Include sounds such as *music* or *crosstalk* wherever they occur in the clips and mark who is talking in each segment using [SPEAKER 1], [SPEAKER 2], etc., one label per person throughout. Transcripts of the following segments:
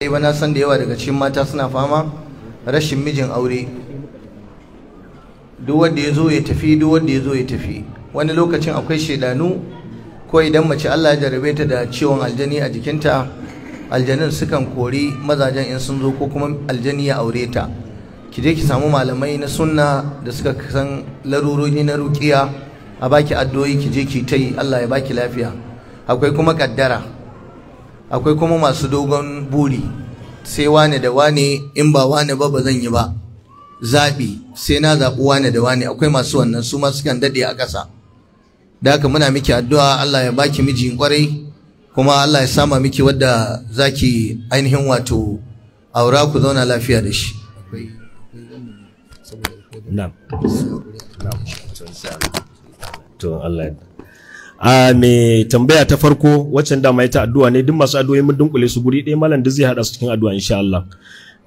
[SPEAKER 1] sai ba san da yawa daga cikin mata suna fama rashin mijin aure duk wanda ya zo ya tafi duk wanda ya zo ya tafi wani lokacin akwai shedanu ko idan mace Allah ya jarabe ta da ciwon aljani a jikinta aljanin sukan kori mazajen in sun zo ko kuma aljani ya aure ta ki je ki samu malamai na sunna da suka san larurori na rukiya a baki addu'o'i ki je ki ta yi Allah ya baki lafiya akwai kuma kaddara akwai kuma masu dogon buri sai wane da wane in ba wane ba ba zan yi ba zaɓi sai na zaɓi wane da wane akwai masu wannan su ma sukan daɗe a ƙasa da haka muna miki addu'a Allah ya baki mijin kwarai kuma Allah ya sama miki wadda zaki ainihin wato aura ku zauna lafiya da shi
[SPEAKER 2] to Allah a me tambaya ta farko waccan dama ita addu'a ne duk masu addu'o'i mun dunkule su guri ɗaya malam da zai hada su cikin addu'a insha Allah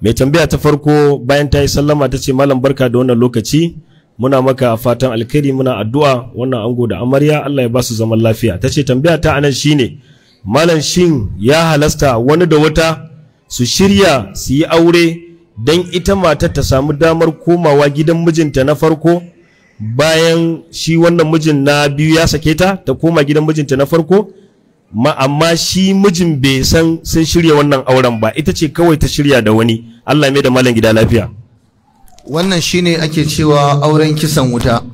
[SPEAKER 2] mai tambaya ta farko bayan ta yi sallama ta ce malam barka da wannan lokaci muna maka fatan alkhairi muna addu'a wannan ango da amarya Allah ya ba su zaman lafiya ta ce tambaya ta anan shine malam shin ya halasta wani da wata su shirya su yi aure dan ita matar ta samu damar komawa gidan mijinta na farko bayan shi wannan mijin na biyu ya sake ta ta koma gidan mijinta na farko ma amma shi mijin bai san sun shirya wannan auren ba ita ce kawai ta shirya da wani Allah mai da malam gida lafiya
[SPEAKER 1] wannan shine ake cewa auren kisan wuta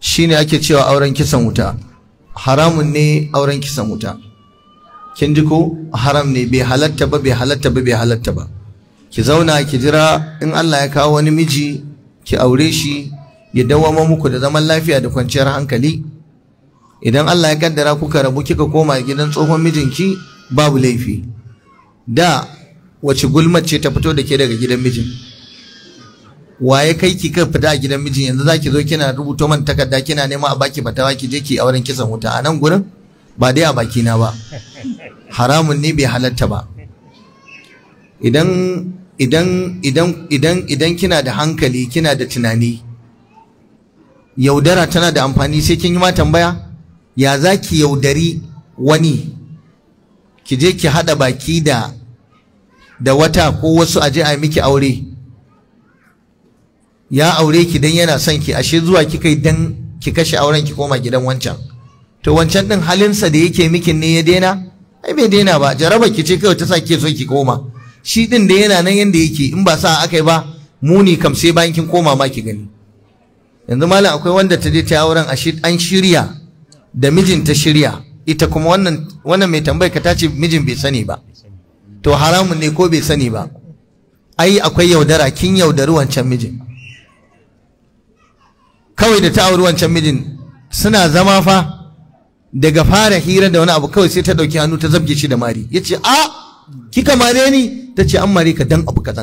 [SPEAKER 1] shine ake cewa auren kisan wuta haramun ne auren kisan wuta kin ji ko haram ne bai halatta ba bai halatta ba bai halatta ba ki zauna ki jira in Allah ya kawo wani miji ki aure shi ya dawama muku da zaman lafiya da kwanciyar hankali idan Allah ya kaddara kuka rabu kika koma gidan tsohon mijinki babu laifi da wace gulmar ce ta fito da ke daga gidan mijin waye kai ki ka fita gidan mijin yanzu zaki zo kina rubuto man takarda kina nema a baki fatawa ki je ki auren kisan wuta a nan gurin ba dai a baki na ba haramun ne bai halatta ba idan idan idan idan idan kina da hankali kina da tunani yaudara tana da amfani sai kin yi ma tambaya ya za ki yaudari wani ki je ki haɗa baki da da wata ko wasu aje a miki aure ya aure ki dan yana son ki ashe zuwa kika kai dan ki kashe auren ki koma gidan wancan to wancan din halinsa da yake mikin ne ya daina ai bai daina ba jaraba ki ce kai ta sa ke so ki koma shi din da yana nan yanda yake in ba sa aka yi ba muni kam sai bayan kin koma ma ki gani yanzu malam akwai wanda ta je ta yi auren an shirya da mijin ta shirya ita kuma wannan mai tambayar ka ta ce mijin bai sani ba to haramun ne ko bai sani ba ai akwai yaudara kin yaudari wancan mijin kawai da ta auri wancan mijin suna zama fa daga fara hira da wani abu kawai sai ta dauki hannu ta zabge shi da mari Ya ce a kika mare ni ce an mare ka dan abu ka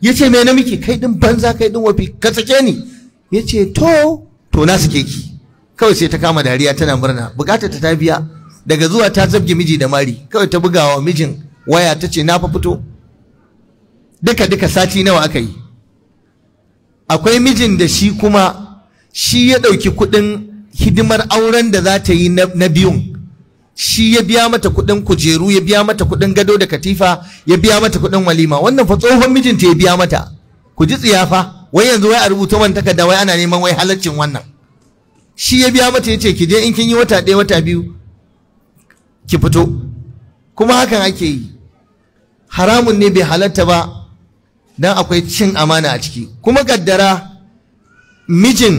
[SPEAKER 1] Ya ce me na miki kai din banza kai din wafi ka sake ni ya ce to to na suke ki kawai sai ta kama dariya tana murna bukatar ta ta biya daga zuwa ta zabge miji da mari kawai ta bugawa mijin waya ta ce na fa fito duka duka sati nawa aka yi akwai mijin da shi kuma shi ya ɗauki kuɗin hidimar auren da za ta yi na biyun shi ya biya mata kuɗin kujeru ya biya mata kuɗin gado da katifa ya biya mata kuɗin walima wannan fa tsohon mijinta ya biya mata ku ji tsiyafa wai yanzu wai a rubuta wani takarda wai ana neman wai halaccin wannan shi ya biya mata ce ki je in kin yi wata ɗaya wata biyu ki fito kuma hakan ake yi haramun ne bai halatta ba dan akwai cin amana a ciki kuma gaddara mijin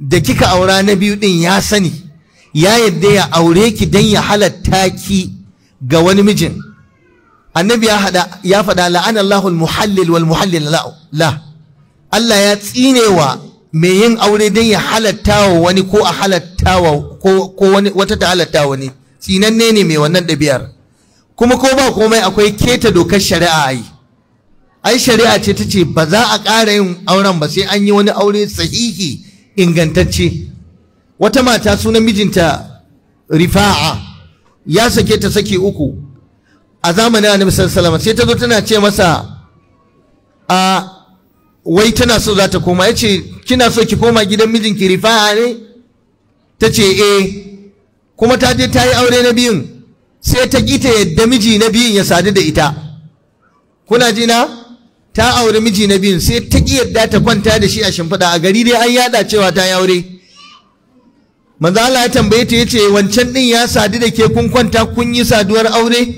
[SPEAKER 1] da kika aura na biyu din ya sani ya yadda ya aure ki dan ya halatta ki ga wani mijin annabi ya faɗa la'anallahu al-muhallil wal muhallil la Allah ya tsinewa mai yin aure don ya halatta wa wani ko a halatta wa ko wata ta halatta wani tsinanne ne mai wannan ɗabi'ar kuma ko ba komai akwai keta dokar shari'a ai ai shari'a ce ta ce ba za a ƙara yin auren ba sai an yi wani aure sahihi ingantacce wata mata sunan mijinta rifa'a ya sake ta saki uku a zamanin annabi sallallahu sai ta zo tana ce masa a wai tana so za ta koma ya ce kina so ki koma gidan mijinki rifa'a ne ta ce e. kuma ta je ta yi aure na biyun sai ta ƙi ta yadda miji na biyun ya sadu da ita kuna jina ta aure miji na biyun sai ta ƙi yadda ta kwanta da shi a shimfiɗa a gari dai an yada cewa ta yi aure manzo Allah ya tambaye ta yace wancan din ya sadu da ke kun kwanta kun yi saduwar aure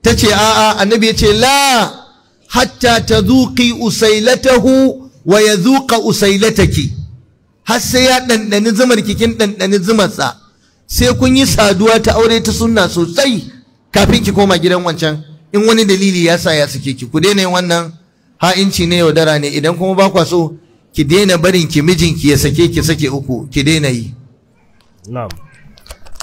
[SPEAKER 1] ta ce a'a annabi ya ce la hatta ta tazuqi usailatahu wa yazuqa usailataki har sai ya ɗanɗani zumar kikin ɗanɗani zumarsa sai kun yi saduwa ta aure ta sunna sosai kafin ki koma gidan wancan in wani dalili ya sa ya suke ki ku daina yin wannan ha'inci ne yaudara ne idan kuma ba kwa so ki daina barin ki mijinki ya sake ki sake uku ki daina yi
[SPEAKER 2] na'am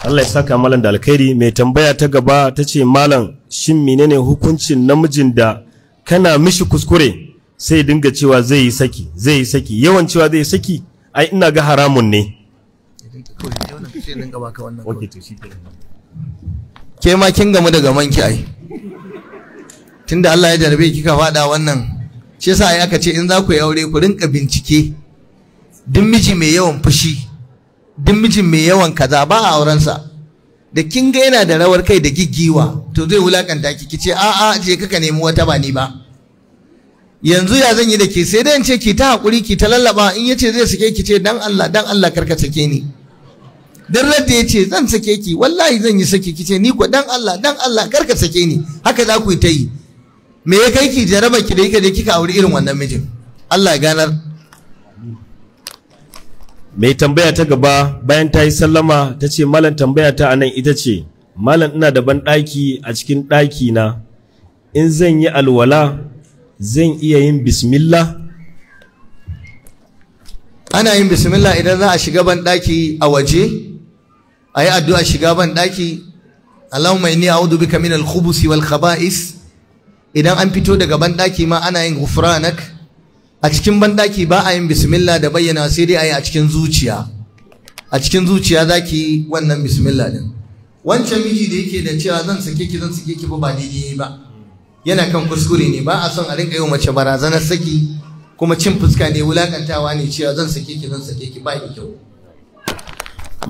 [SPEAKER 2] Allah ya saka malam da alkhairi mai tambaya ta gaba ta ce malam shin menene hukuncin namijin da kana mishi kuskure sai dinga cewa zai yi saki zai yi saki yawan cewa zai yi saki ai ina ga haramun ne
[SPEAKER 1] ke ma kin gamu daga manki ai tunda Allah ya jarabe kika fada wannan shi yasa ai aka ce in za ku yi aure ku rinka bincike duk miji mai yawan fushi duk miji mai yawan kaza ba a aurensa da kin ga yana da rawar kai da giggiwa to zai wulakanta ki ki ce a'a je ka nemi wata ba ni ba yanzu ya zan yi da ke sai dai ce ki ta hakuri ki ta lallaba in yace zai sake ki ce dan Allah dan Allah karka sake ni dan radda yace zan sake ki wallahi zan yi sake ki ce ni ko dan Allah dan Allah karka sake ni haka za ku yi ta yi me ya kai ki jaraba ki da kika je kika auri irin wannan mijin Allah ya ganar mai tambaya ta gaba bayan ta yi sallama
[SPEAKER 2] ta ce malam tambaya ta anan ita ce malam ina da banɗaki a cikin ɗaki na in zan yi alwala zan iya yin bismillah
[SPEAKER 1] ana yin bismillah idan za a shiga banɗaki a waje a yi addu'a shiga banɗaki mai ni a'udhu bika min al-khubusi wal khaba'is idan an fito daga banɗaki ma ana yin ghufranak a cikin banɗaki ba a yin bismillah da bayyana sai dai a yi a cikin zuciya a cikin zuciya za ki yi wannan bismillah din wancan miji da yake da cewa zan sake ki zan sake ki ba daidai ba yana kan kuskure ne ba a son a rinka yi mace barazanar saki kuma cin fuska ne wulakantawa ne cewa zan sake ki zan sake ki ba ki kyau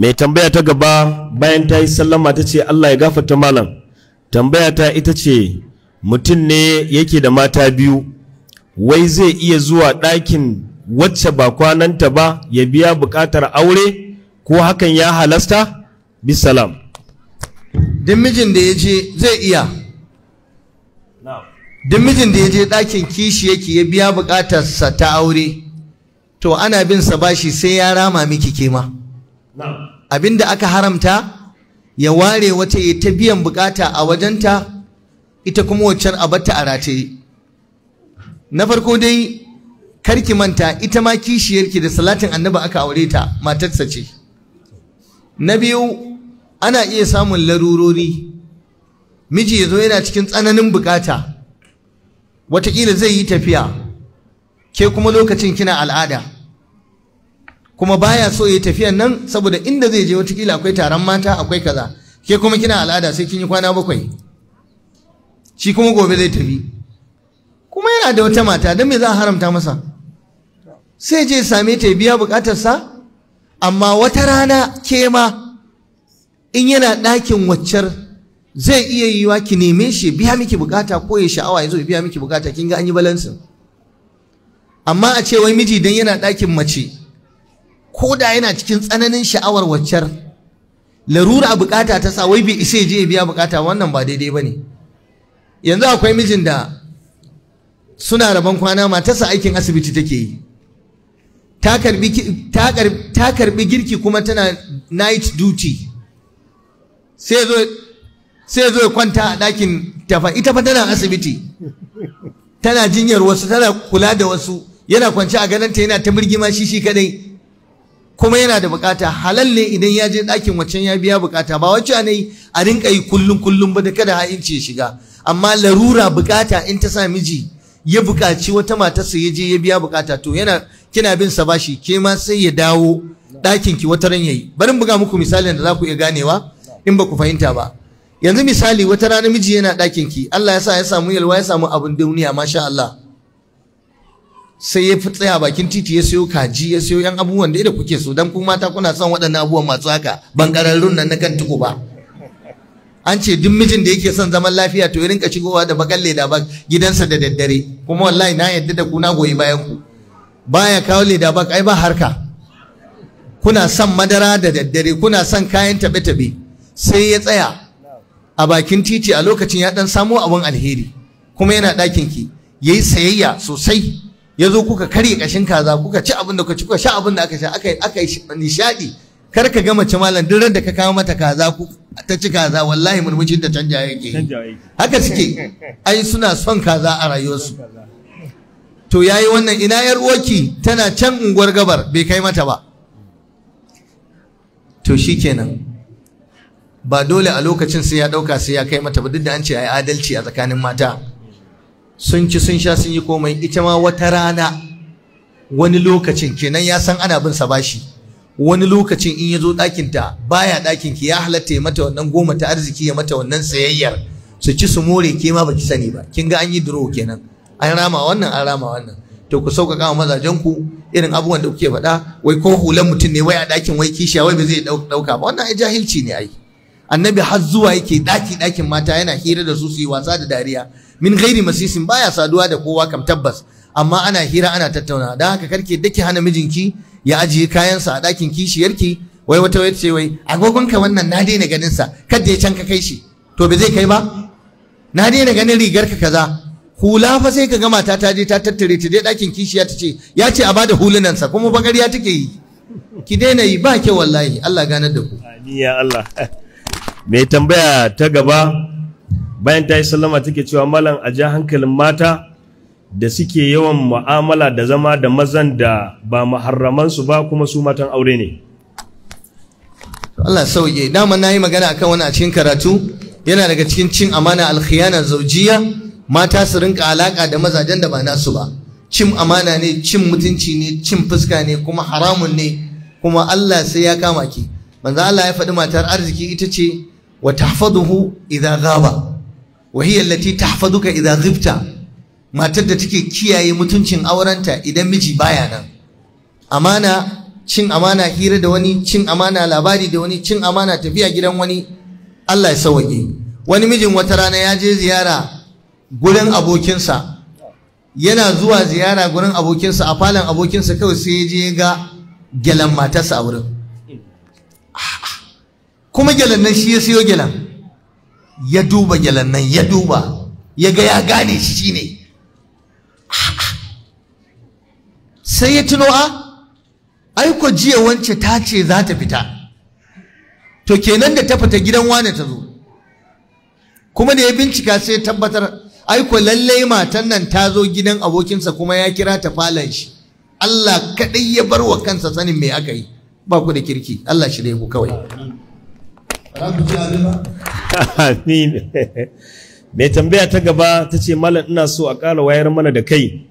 [SPEAKER 2] mai tambaya ta gaba bayan ta yi sallama ta ce Allah ya gafarta malam tambaya ta ita ce mutum ne yake da mata biyu wai zai iya zuwa ɗakin wacce ba kwananta ba ya biya buƙatar aure ko hakan ya
[SPEAKER 1] halasta bisalam duk mijin da ya je zai iya mijin da ya je ɗakin kishi yake ya biya buƙatarsa ta aure to ana bin sa bashi sai ya rama miki kema Abin da aka haramta ya ware wata ya ta biyan buƙata a wajenta ita kuma waccan a a rataye na farko dai karki manta ita ma kishiyarki da salatin annaba aka aure ta matarsa ce na biyu ana iya samun larurori miji ya zo yana cikin tsananin bukata wataƙila zai yi tafiya ke kuma lokacin kina al'ada kuma baya so ya tafiya nan saboda inda zai je wataƙila akwai taron mata akwai kaza ke kuma kina al'ada sai kin yi kwana bakwai shi kuma gobe zai tafi kuma yana da wata mata don me za a haramta masa sai je same ta biya bukatarsa amma wata rana ke ma in yana ɗakin waccar zai iya yiwa ki neme shi biya miki bukata ko ya sha'awa ya zo biya miki bukata kin ga an yi balansin amma a ce wai miji don yana ɗakin mace ko da yana cikin tsananin sha'awar waccar larura bukata ta sa wai bai isa je ya biya bukata wannan ba daidai ba ne. yanzu akwai mijin da suna rabon kwana matarsa aikin asibiti take yi ta karbi girki kuma tana night duty sai zo kwanta a ɗakin tafa ita fa tana asibiti tana jinyar wasu tana kula da wasu yana kwanci a gadonta yana ta birgima shi shi kadai kuma yana da bukata halal idan ya je ɗakin waccan ya biya bukata ba wacce ne a rinka yi kullum kullum ba da kada ha'inci ya shiga amma larura bukata in ta sa miji ya buƙaci wata matarsa ya je ya biya buƙata to yana kina bin sa bashi ke ma sai ya dawo ɗakin ki wata ran yayi bari buga muku misalin da za ku iya ganewa in ba ku fahimta ba yanzu misali wata rana miji yana ɗakin ki Allah ya sa ya samu yalwa ya samu abin duniya masha Allah sai ya fi tsaya bakin titi ya sayo kaji ya sayo yan abubuwan da kuke so dan ku mata kuna son waɗannan abubuwan masu haka ban ƙararrun nan na kan tuku ba an ce duk mijin da yake son zaman lafiya to ya rinka shigowa da bakan leda ba gidansa da daddare kuma wallahi na yadda da kuna goyi bayan ku baya kawo leda ba ai ba harka kuna son madara da daddare kuna son kayan tabe-tabe sai ya tsaya a bakin titi a lokacin ya dan samo abin alheri kuma yana ɗakin ki yayi sayayya sosai ya zo kuka karya kashin kaza kuka ci abin da kuka ci kuka sha abin da aka sha aka yi nishaɗi kar ka gama ci malam duk da ka kawo mata kaza ku ta ci kaza wallahi murmushin da canja yake haka suke ai suna son kaza a rayuwarsu to yayi wannan ina yar uwaki tana can unguwar gabar bai kai mata ba to shikenan ba dole a lokacin sai ya dauka sai ya kai mata ba duk da an ce ai adalci a tsakanin mata sun ci sun sha sun yi komai ita ma wata rana wani lokacin kenan ya san ana bin sa bashi wani lokacin in ya zo ɗakinta baya ɗakinki ya halatta ya mata wannan goma ta arziki ya mata wannan sayayyar su ci su more ke ma baki sani ba kin ga an yi duro kenan an rama wannan an rama wannan to ku sauƙaƙa wa mazajen ku irin abubuwan da kuke faɗa wai ko hulan mutum ne wai a ɗakin wai kishiya wai ba zai ɗauka ba wannan ai jahilci ne ai annabi har zuwa yake ɗaki ɗakin mata yana hira da su su yi wasa da dariya min gairi masisin baya saduwa da kowa kam tabbas amma ana hira ana tattauna don haka karke dake hana mijinki ya ajiye kayansa a ɗakin kishiyarki wai wata wai ce wai agogonka wannan na daina ganin sa kada ya can ka kai shi to ba zai kai ba na daina ganin rigarka kaza hula fa sai ka ga mata ta je ta tattare ta je ɗakin kishiya ta ce ya ce a bada hulunansa kuma bagariya take yi ki daina yi ba kyau wallahi Allah ganar da ku
[SPEAKER 2] amin ya Allah Me tambaya ta gaba bayan ta yi sallama take cewa malam a ja hankalin mata da suke yawan mu'amala da zama da mazan
[SPEAKER 1] da ba maharramansu ba kuma su matan aure ne Allah sauke dama na yi magana akan wani a cikin karatu yana daga cikin cin amana alkhiyana zaujiya mata su rinka alaka da mazajen da ba nasu ba cin amana ne cin mutunci ne cin fuska ne kuma haramun ne kuma Allah sai ya kama ki manzo Allah ya faɗi matar arziki ita ce wa tahfaduhu idza ghaba wa hiya allati tahfaduka idza ghibta matar da take kiyaye mutuncin aurenta idan miji baya nan amana cin amana hira da wani cin amana labari da wani cin amana tafiya gidan wani Allah ya sauke wani mijin wata rana ya je ziyara gurin abokinsa yana zuwa ziyara gurin abokinsa a falon abokinsa kawai sai ya je ya ga gyalan matarsa a wurin kuma gyalan nan shi ya siyo gyalan ya duba gyalan nan ya duba ya ga ya gane shi shine sai ya tuno a ah, aiko jiya wance ta ce za ta fita to kenan da ta fita gidan wane ta zo kuma da ya bincika sai ya tabbatar aiko lallai matan nan ta zo gidan abokinsa kuma ya kira ta falon shi Allah kaɗai ya bar wa kansa sanin me aka yi ba ku da kirki Allah shi ku kawai mai tambaya ta
[SPEAKER 2] gaba ta ce malam ina so a ƙara wayar mana da kai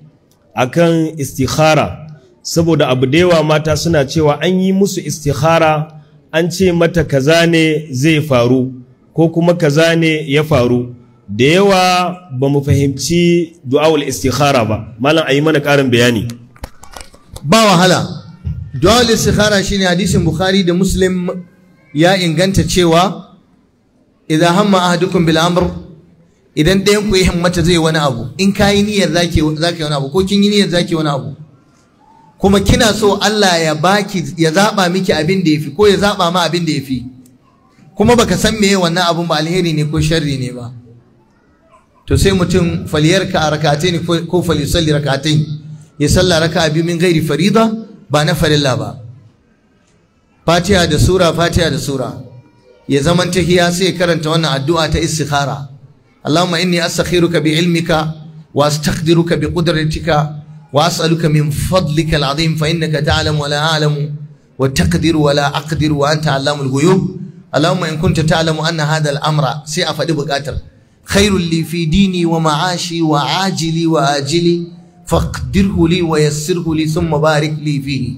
[SPEAKER 2] akan istikhara saboda abu da yawa mata suna cewa an yi musu istikhara an ce mata kaza ne zai faru ko kuma kaza ne ya faru da yawa ba mu fahimci du'awul istikhara ba malam ayi mana karin bayani
[SPEAKER 1] ba wahala du'awul istikhara shine hadisin bukhari da muslim ya inganta cewa idan hamma ahadukum bil amr idan ɗayan ku ya himmata zai wani abu in yi niyyar zaki zaki wani abu ko kin yi niyyar zaki wani abu kuma kina so Allah ya baki ya zaba miki abin da yafi ko ya zaba ma abin da yafi kuma baka san meye wannan abun ba alheri ne ko sharri ne ba to sai mutum ka rak'atayn ko falisalli rak'atayn ya salla raka biyu min ghairi farida ba na farilla ba Fatiha da sura Fatiha da sura ya zaman tahiya sai karanta wannan addu'a ta istikhara Allahumma inni astakhiruka bi ilmika wa astaqdiruka bi qudratika وأسألك من فضلك العظيم فإنك تعلم ولا أعلم وتقدر ولا أقدر وأنت علام الغيوب اللهم إن كنت تعلم أن هذا الأمر سيأفد بكاتر خير لي في ديني ومعاشي وعاجلي وآجلي فاقدره لي ويسره لي ثم بارك لي فيه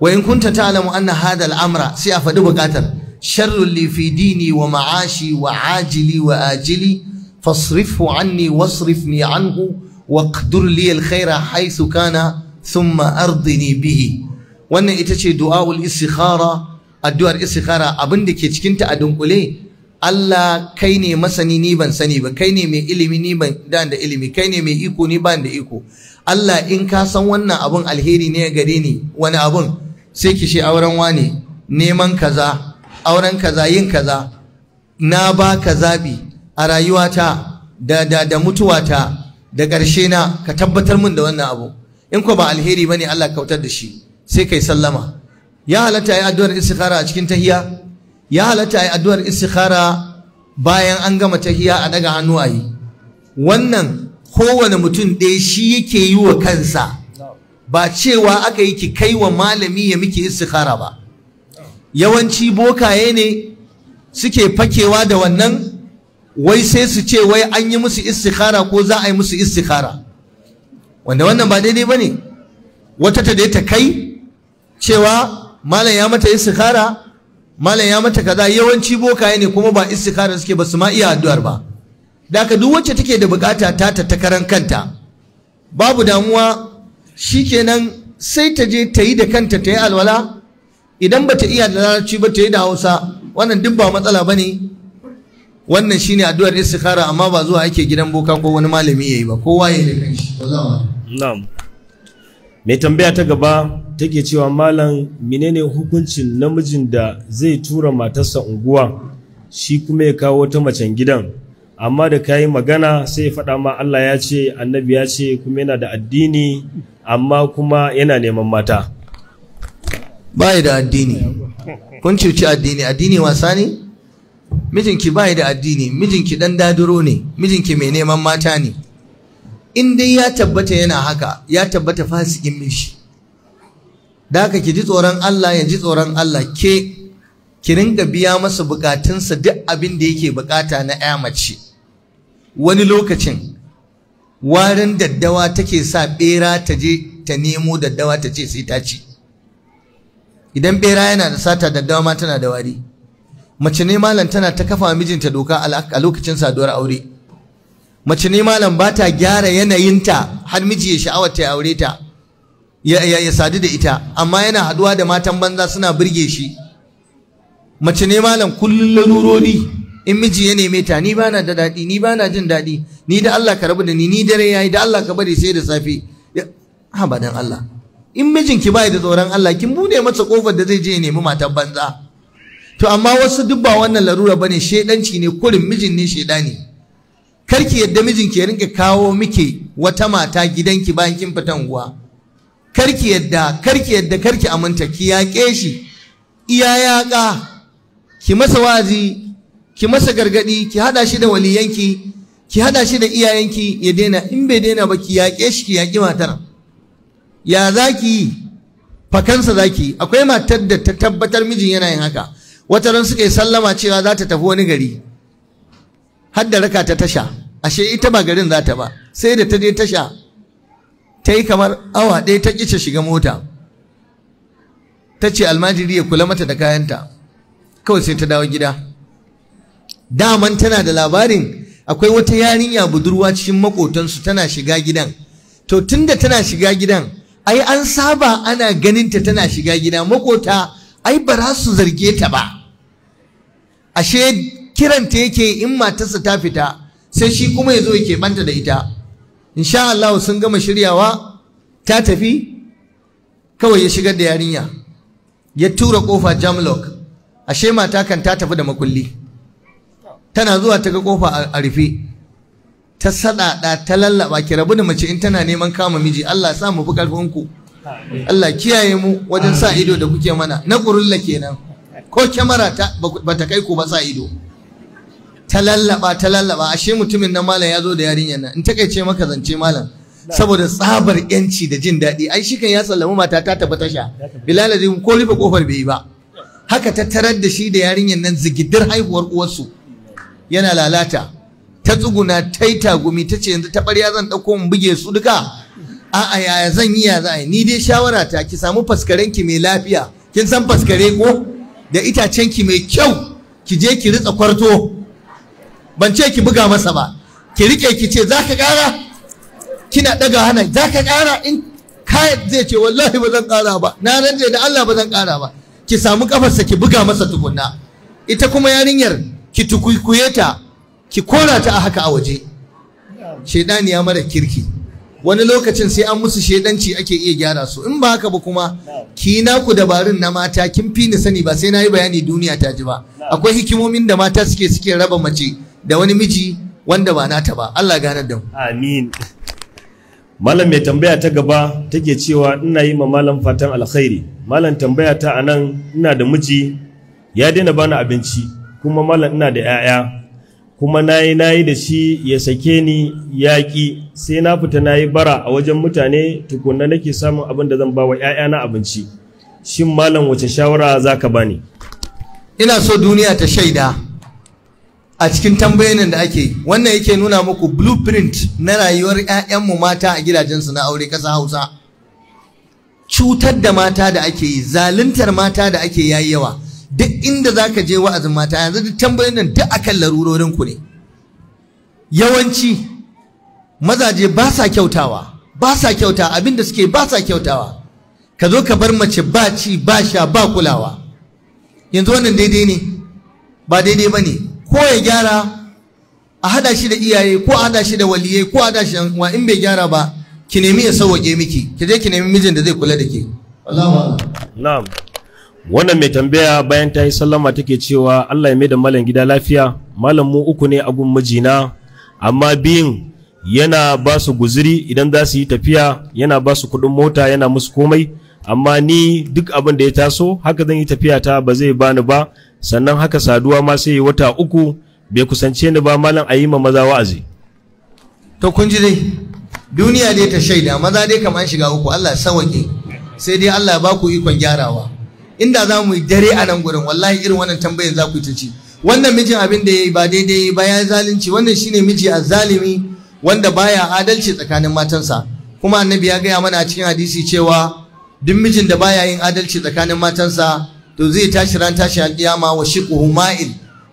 [SPEAKER 1] وإن كنت تعلم أن هذا الأمر سيأفد بكاتر شر لي في ديني ومعاشي وعاجلي وآجلي فاصرفه عني واصرفني عنه waqdur li alkhaira haythu kana thumma ardini bihi wannan ita ce du'aul istikhara addu'ar istikhara abin da ke cikin ta a dunkule Allah kai ne masani ni ban sani ba kai ne mai ilimi ni ban dan da ilimi kai ne mai iko ni ban da iko Allah in ka san wannan abun alheri ne gare ni wani abun sai ki shi auren wane neman kaza auren kaza yin kaza na ba ka zabi a rayuwata da da da mutuwata da ƙarshe na ka tabbatar min da wannan abu in ko ba alheri ne. Allah kautar da shi sai kai sallama ya halatta ayi addu'ar istikhara a cikin tahiya ya halatta ayi addu'ar istikhara bayan an gama tahiya a daga hannu ayi wannan kowane mutum ɗaya shi yake yi wa kansa ba cewa aka yi ki kai wa malami ya miki istikhara ba yawanci bokaye ne suke fakewa da wannan wai sai su ce wai an yi musu istikhara ko za a yi musu istikhara wanda wannan ba daidai ba ne wata ta ta kai cewa malam ya mata istikhara malam ya mata kaza yawanci bokaye ne kuma ba istikhara suke ba su ma iya addu'ar ba da duk wacce take da bukata ta ta karan kanta babu damuwa shi shikenan sai ta je ta yi da kanta ta yi alwala idan ba ta iya da larabci ba ta yi da hausa wannan duk ba matsala ba ne wannan shine addu'ar istikhara amma ba zuwa ake gidan boka ko wani malami yayi ba kowa ya da na'am mai tambaya
[SPEAKER 2] ta gaba take cewa malam menene hukuncin namijin da zai tura matarsa unguwa shi kuma ya kawo ta macen gidan amma da kayi magana sai ya faɗa ma Allah ya ce annabi ya ce kuma yana da addini amma kuma yana
[SPEAKER 1] neman mata ba da addini kun cuci addini addini wasa ne mijinki ba da addini mijinki dan daduro ne mijinki mai neman mata ne in dai ya tabbata yana haka ya tabbata fasikin mishi da haka ki ji tsoron Allah ya ji tsoron Allah ke ki ringa biya masa bukatunsa duk abin da yake bukata na ya mace wani lokacin warin daddawa take sa bera ta je ta nemo daddawa ta ce sai ta ci idan bera yana da sata daddawa ma tana da wari mace ne malam tana ta kafa mijinta doka a lokacin saduwar aure mace ne malam ba ta gyara yanayinta har miji ya sha'awar ta aure ta ya, sadu da ita amma yana haduwa da matan banza suna birge shi mace ne malam kullum larurori in miji ya neme ta ni bana da daɗi ni bana jin daɗi ni da Allah ka rabu da ni ni dare yayi da Allah ka bari sai da safe ha dan Allah in mijinki bai da tsoron Allah kin bude masa kofar da zai je ya nemi matan banza to amma wasu duk ba wannan larura bane shedanci ne kurin mijin ne shedani karki yadda mijin ke rinka kawo miki wata mata gidanki bayan kin fita unguwa karki yadda karki yadda karki aminta ki yaƙe shi iya yaƙa ki masa wazi ki masa gargadi ki hada shi da waliyanki ki hada shi da iyayenki ya daina in bai daina ba ki yaƙe shi ki yaƙi matar ya zaki fakansa zaki akwai matar da ta tabbatar mijin yana yin haka wata ran suka yi sallama cewa za ta tafi wani gari har da raka ta tasha ashe ita ba garin za ta ba sai da ta je tasha ta yi kamar awa ɗaya ta ce shiga mota ta ce almajiri ya kula mata da kayanta kawai sai ta dawo gida daman tana da labarin akwai wata yarinya budurwa cikin makotansu tana shiga gidan to tunda tana shiga gidan ai an saba ana ganin ta tana shiga gida makota ai ba za su zarge ta ba ashe kiranta yake in matarsa ta fita sai shi kuma ya zo yake banta da ita insha Allah sun gama shiryawa ta tafi kawai ya shigar da yarinya ya tura kofa jamlock ashe mata kan ta tafi da makulli tana zuwa ta ga kofa a rufe ta saɗaɗa ta lallaba ki rabu da mace in tana neman kama miji Allah sa mu fi ƙarfinku Allah kiyaye mu wajen sa ido da kuke mana na ƙurulla kenan ko kyamara ba ta kai ku ba sa ido ta lallaba ta lallaba ashe mutumin na malam ya zo da yarinyar nan in ta maka zance malam saboda tsabar yanci da jin daɗi ai shi kan ya sallama mata ta tafi tasha bilal azim ko rufe kofar bai ba haka ta tarar da shi da yarinyar nan zigidar haihuwar uwarsu yana lalata ta tsuguna ta yi tagumi ta ce yanzu ta ɓarya zan ɗauko in buge su duka a'a yaya zan yi ya za ni dai shawara ki samu ki mai lafiya kin san faskare ko da itacenki mai kyau ki je ki ritsa kwarto ban ce ki buga masa ba ki rike ki ce za ka ƙara kina ɗaga hana za ka ƙara in kai zai ce wallahi ba zan ƙara ba na nan da Allah ba zan ƙara ba ki samu kafarsa ki buga masa tukunna ita kuma yarinyar ki tukuikuye ta ki kora ta a haka a waje shedani ya mara kirki wani lokacin sai an musu shedanci ake iya gyara su in ba haka ba kuma ki na ku dabarun na mata kin fi ni sani ba sai na yi bayani duniya ta ji ba akwai hikimomin da mata suke suke raba mace da wani miji wanda ba nata ba Allah ganar da mu amin malam mai tambaya ta gaba take cewa ina yi ma
[SPEAKER 2] malam fatan alkhairi malam tambaya ta anan ina da miji ya daina bani abinci kuma malam ina da 'ya'ya kuma na yi da shi ya sake ni yaƙi sai na fita na yi bara a wajen mutane tukunna nake samun abin da zan ba wa ‘ya'yana abinci shin malam wace shawara za ka bani ina so
[SPEAKER 1] duniya ta shaida a cikin tambayoyin da ake wannan yake nuna muku blueprint na rayuwar ‘ya'yanmu mata a gidajensu na aure ƙasa hausa cutar da mata da ake yi zaluntar mata da ake yayi yawa duk inda za ka je wa'azin mata yanzu duk tambayoyin nan duk akan larurorin ku ne yawanci mazaje ba sa kyautawa ba sa kyauta abinda suke ba sa kyautawa ka zo ka bar mace ba ci ba sha ba kulawa yanzu wannan daidai ne ba daidai ba ne ko ya gyara a hada shi da iyaye ko a hada shi da waliyai ko a hada shi wa in bai gyara ba ki nemi ya sauwaƙe miki ki je ki nemi mijin da zai kula da ke.
[SPEAKER 2] wannan mai tambaya bayan ta yi sallama take cewa Allah ya mai da malam gida lafiya malam mu uku ne a mijina amma biyun yana ba su guziri idan za su yi tafiya yana ba su kuɗin mota yana musu komai amma ni duk abin da ya taso haka zan yi tafiya ta ba zai bani ba sannan haka saduwa ma sai yi wata uku bai kusance ni ba malam a yi ma maza wa'azi
[SPEAKER 1] to kun ji dai duniya dai ta shaida maza dai kamar shiga uku Allah sawake sai dai Allah ya ba ku ikon gyarawa inda za mu yi dare a nan gurin wallahi irin wannan tambayar za ku yi ta ci wannan mijin abin da ya yi ba daidai ba ya zalunci wannan shi ne miji a zalimi wanda baya adalci tsakanin matansa kuma annabi ya gaya mana a cikin hadisi cewa duk mijin da baya yin adalci tsakanin matansa to zai tashi ran tashi alƙiyama wa shiquhu ma'il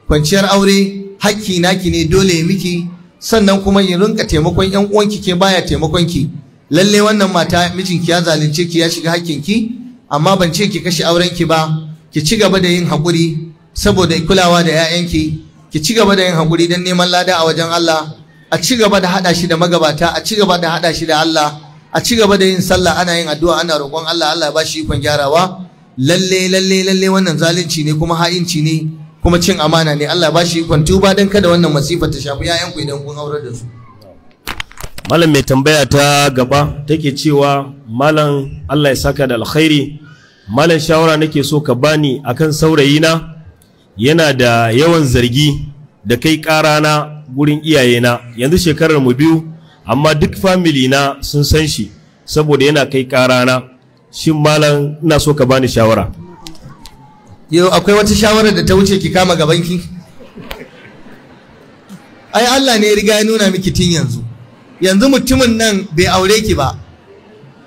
[SPEAKER 1] kwanciyar aure hakki naki ne dole ya miki sannan kuma ya rinka taimakon yan uwanki ke baya taimakon ki lalle wannan mata mijinki ya zalunce ki ya shiga hakkin ki amma ban ce ki kashe aurenki ba ki ci gaba da yin haƙuri saboda kulawa da 'ya'yanki ki ci gaba da yin hakuri don neman lada a wajen Allah a ci gaba da haɗa shi da magabata a ci gaba da haɗa shi da Allah a ci gaba da yin sallah ana yin addu'a ana roƙon Allah Allah ba shi ikon gyarawa lalle lalle lalle wannan zalunci ne kuma ha'inci ne kuma cin amana ne Allah ba shi ikon tuba don kada wannan masifa ta shafi 'ya'yanku idan kun aurar da su malam mai tambaya ta gaba take cewa malam Allah ya
[SPEAKER 2] saka da alkhairi malam shawara nake so ka bani akan saurayina yana da yawan zargi da kai na gurin iyayena yanzu shekarar mu biyu amma duk family na sun san shi saboda yana kai na shin malam ina so ka bani shawara
[SPEAKER 1] yau akwai wata shawara da ta wuce ki kama ki ai Allah ne ya riga ya nuna miki tin yanzu yanzu mutumin nan bai aure ki ba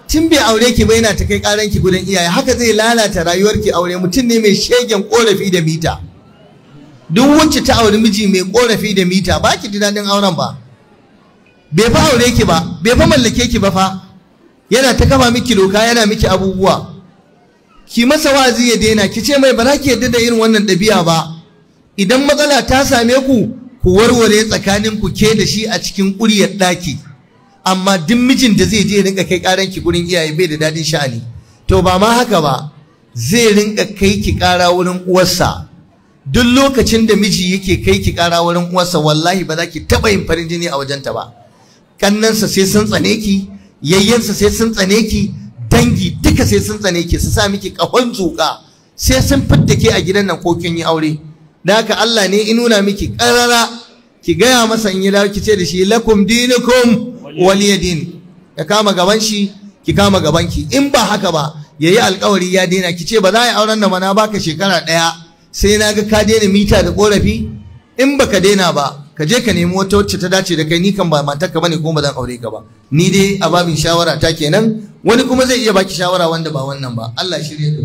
[SPEAKER 1] tun bai aure ki ba yana ta kai karan ki gudan iyaye haka zai lalata rayuwar ki aure mutum ne mai shegen korafi da mita duk wacce ta auri miji mai korafi da mita ba ki tunanin auren ba bai fa aure ki ba bai fa mallake ki ba fa yana ta kama miki doka yana miki abubuwa ki masa wa'azi ya daina ki ce mai ba za ki yarda da irin wannan ɗabi'a ba idan matsala ta same ku ku warware tsakanin ku ke da shi a cikin ƙuryar ɗaki amma duk mijin da zai je rinka kai ƙaran ki gurin iyaye bai da daɗin sha'ani to ba ma haka ba zai rinka kai ki ƙara wurin uwarsa duk lokacin da miji yake kai ki ƙara wurin uwarsa wallahi ba za ki taɓa yin farin jini a wajenta ba kannansa sai sun tsane ki yayyensa sai sun tsane ki dangi duka sai sun tsane ki su sa miki ƙahon zuƙa sai sun fidda ke a gidan nan ko kin yi aure da haka Allah ne in nuna miki karara ki gaya masa in yi da ki ce da shi lakum dinukum waliyadin ya kama gaban shi ki kama gaban ki in ba haka ba yayi alkawari ya daina ki ce ba za a yi auren da mana baka shekara ɗaya sai na ga ka daina mita da korafi in baka daina ba ka je ka nemi wata wacce ta dace da kai ni kan ba matarka bane ko ba zan aure ka ba ni dai a babin shawara ta kenan wani kuma zai iya baki shawara wanda ba wannan ba Allah shirye da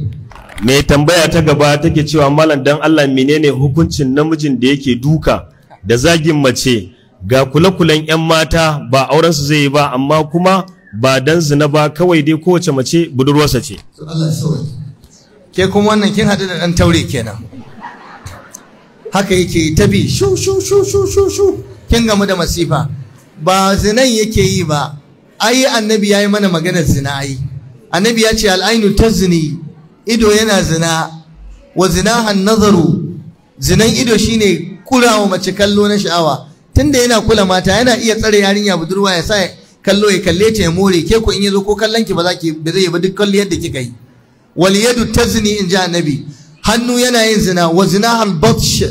[SPEAKER 2] mai tambaya ta gaba take cewa malam dan Allah menene hukuncin namijin da yake duka da zagin mace ga kulakulan 'yan mata ba auren su zai yi ba amma kuma ba dan zina ba kawai dai kowace mace budurwarsa
[SPEAKER 1] ce ke kuma wannan kin haɗu da ɗan taure kenan haka yake bi shu shu shu shu shu shu kin gamu da masifa ba zinan yake yi ba ai annabi ya yi mana maganar zina ai annabi ya ce al'ainu tazni ido yana zina wa zinahan nazaru zinan ido shine kurawa mace kallo na sha'awa tunda yana kula mata yana iya tsare yarinya budurwa ya sa kallo ya kalle ta ya more ke ku in yazo ko kallon ki ba za ki ba zai ba duk kallon yadda kika yi wal yadu tazni in ji annabi hannu yana yin zina wa zinahal batsh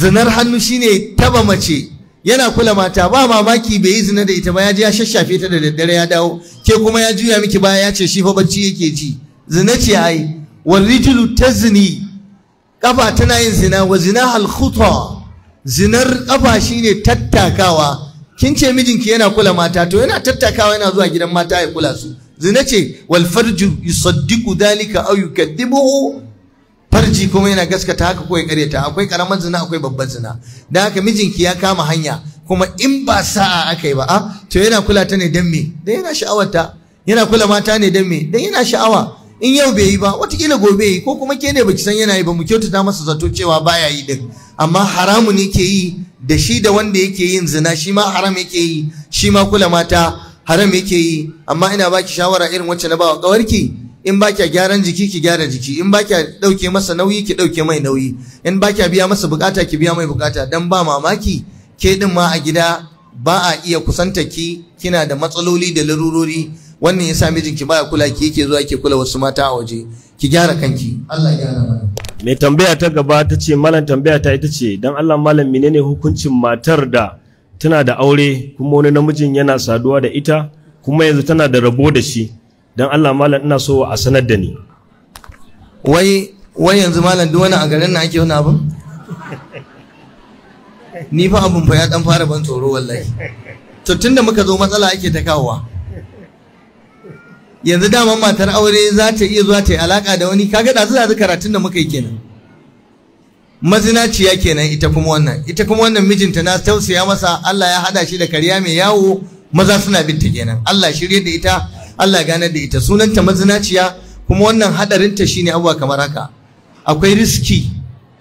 [SPEAKER 1] zinar hannu shine taba mace yana kula mata ba mamaki bai yi zina da ita ba ya ji ya shashafe ta da daddare ya dawo ke kuma ya juya miki baya ya ce shi fa bacci yake ji zina ce ai ta tazni kafa tana yin zina wa zina alkhutwa zinar kafa shine tattakawa kin ce mijinki yana kula mata to yana tattakawa yana zuwa gidan mata ya kula su zina ce wal farju yusaddiqu dalika aw yukaddibuhu farji kuma yana gaskata haka ko ya ta. akwai karamar zina akwai babban zina dan haka mijinki ya kama hanya kuma in ba sa'a aka yi ba a ah, to yana kula ta ne dan me dan yana sha'awarta yana kula mata ne dan me dan yana sha'awa in yau bai yi ba wata watakila gobe yi ko kuma ke ne baki san yana yi ba mu kyautata masa zato cewa baya yi din amma haramun yake yi da shi da wanda yake yin zina shi ma haram yake yi shi ma kula mata haram yake yi amma ina baki shawara irin wacce na bawa kawarki in ba kya gyaran jiki ki gyara jiki in ba kya dauke masa nauyi ki dauke mai nauyi in ba kya biya masa bukata ki biya mai bukata dan ba mamaki ke din ma a gida ba a iya kusanta ki kina da matsaloli da larurori wannan yasa mijinki baya kula ki yake zuwa ki kula wasu mata a waje ki gyara kanki Allah ya gyara mana
[SPEAKER 2] mai tambaya ta gaba ta ce malam tambaya ta ita ce dan Allah malam menene hukuncin matar da tana da aure kuma wani namijin yana saduwa da ita kuma yanzu tana da rabo da shi dan Allah malam ina so a
[SPEAKER 1] sanar da ni wai wai yanzu malam duk wani a garin na ake wani abu? ni fa abun fa ya dan fara ban tsoro wallahi to tunda muka zo matsala ake ta kawowa yanzu dama matar aure za ta iya zuwa ta yi alaka da wani kaga da zuwa karatun da muka yi kenan mazinaciya kenan ita kuma wannan ita kuma wannan mijinta na tausaya masa Allah ya hada shi da kariya mai yawo maza suna binta kenan Allah shirye da ita Allah gane da ita sunanta mazinaciya kuma wannan ta shine abuwa kamar haka akwai riski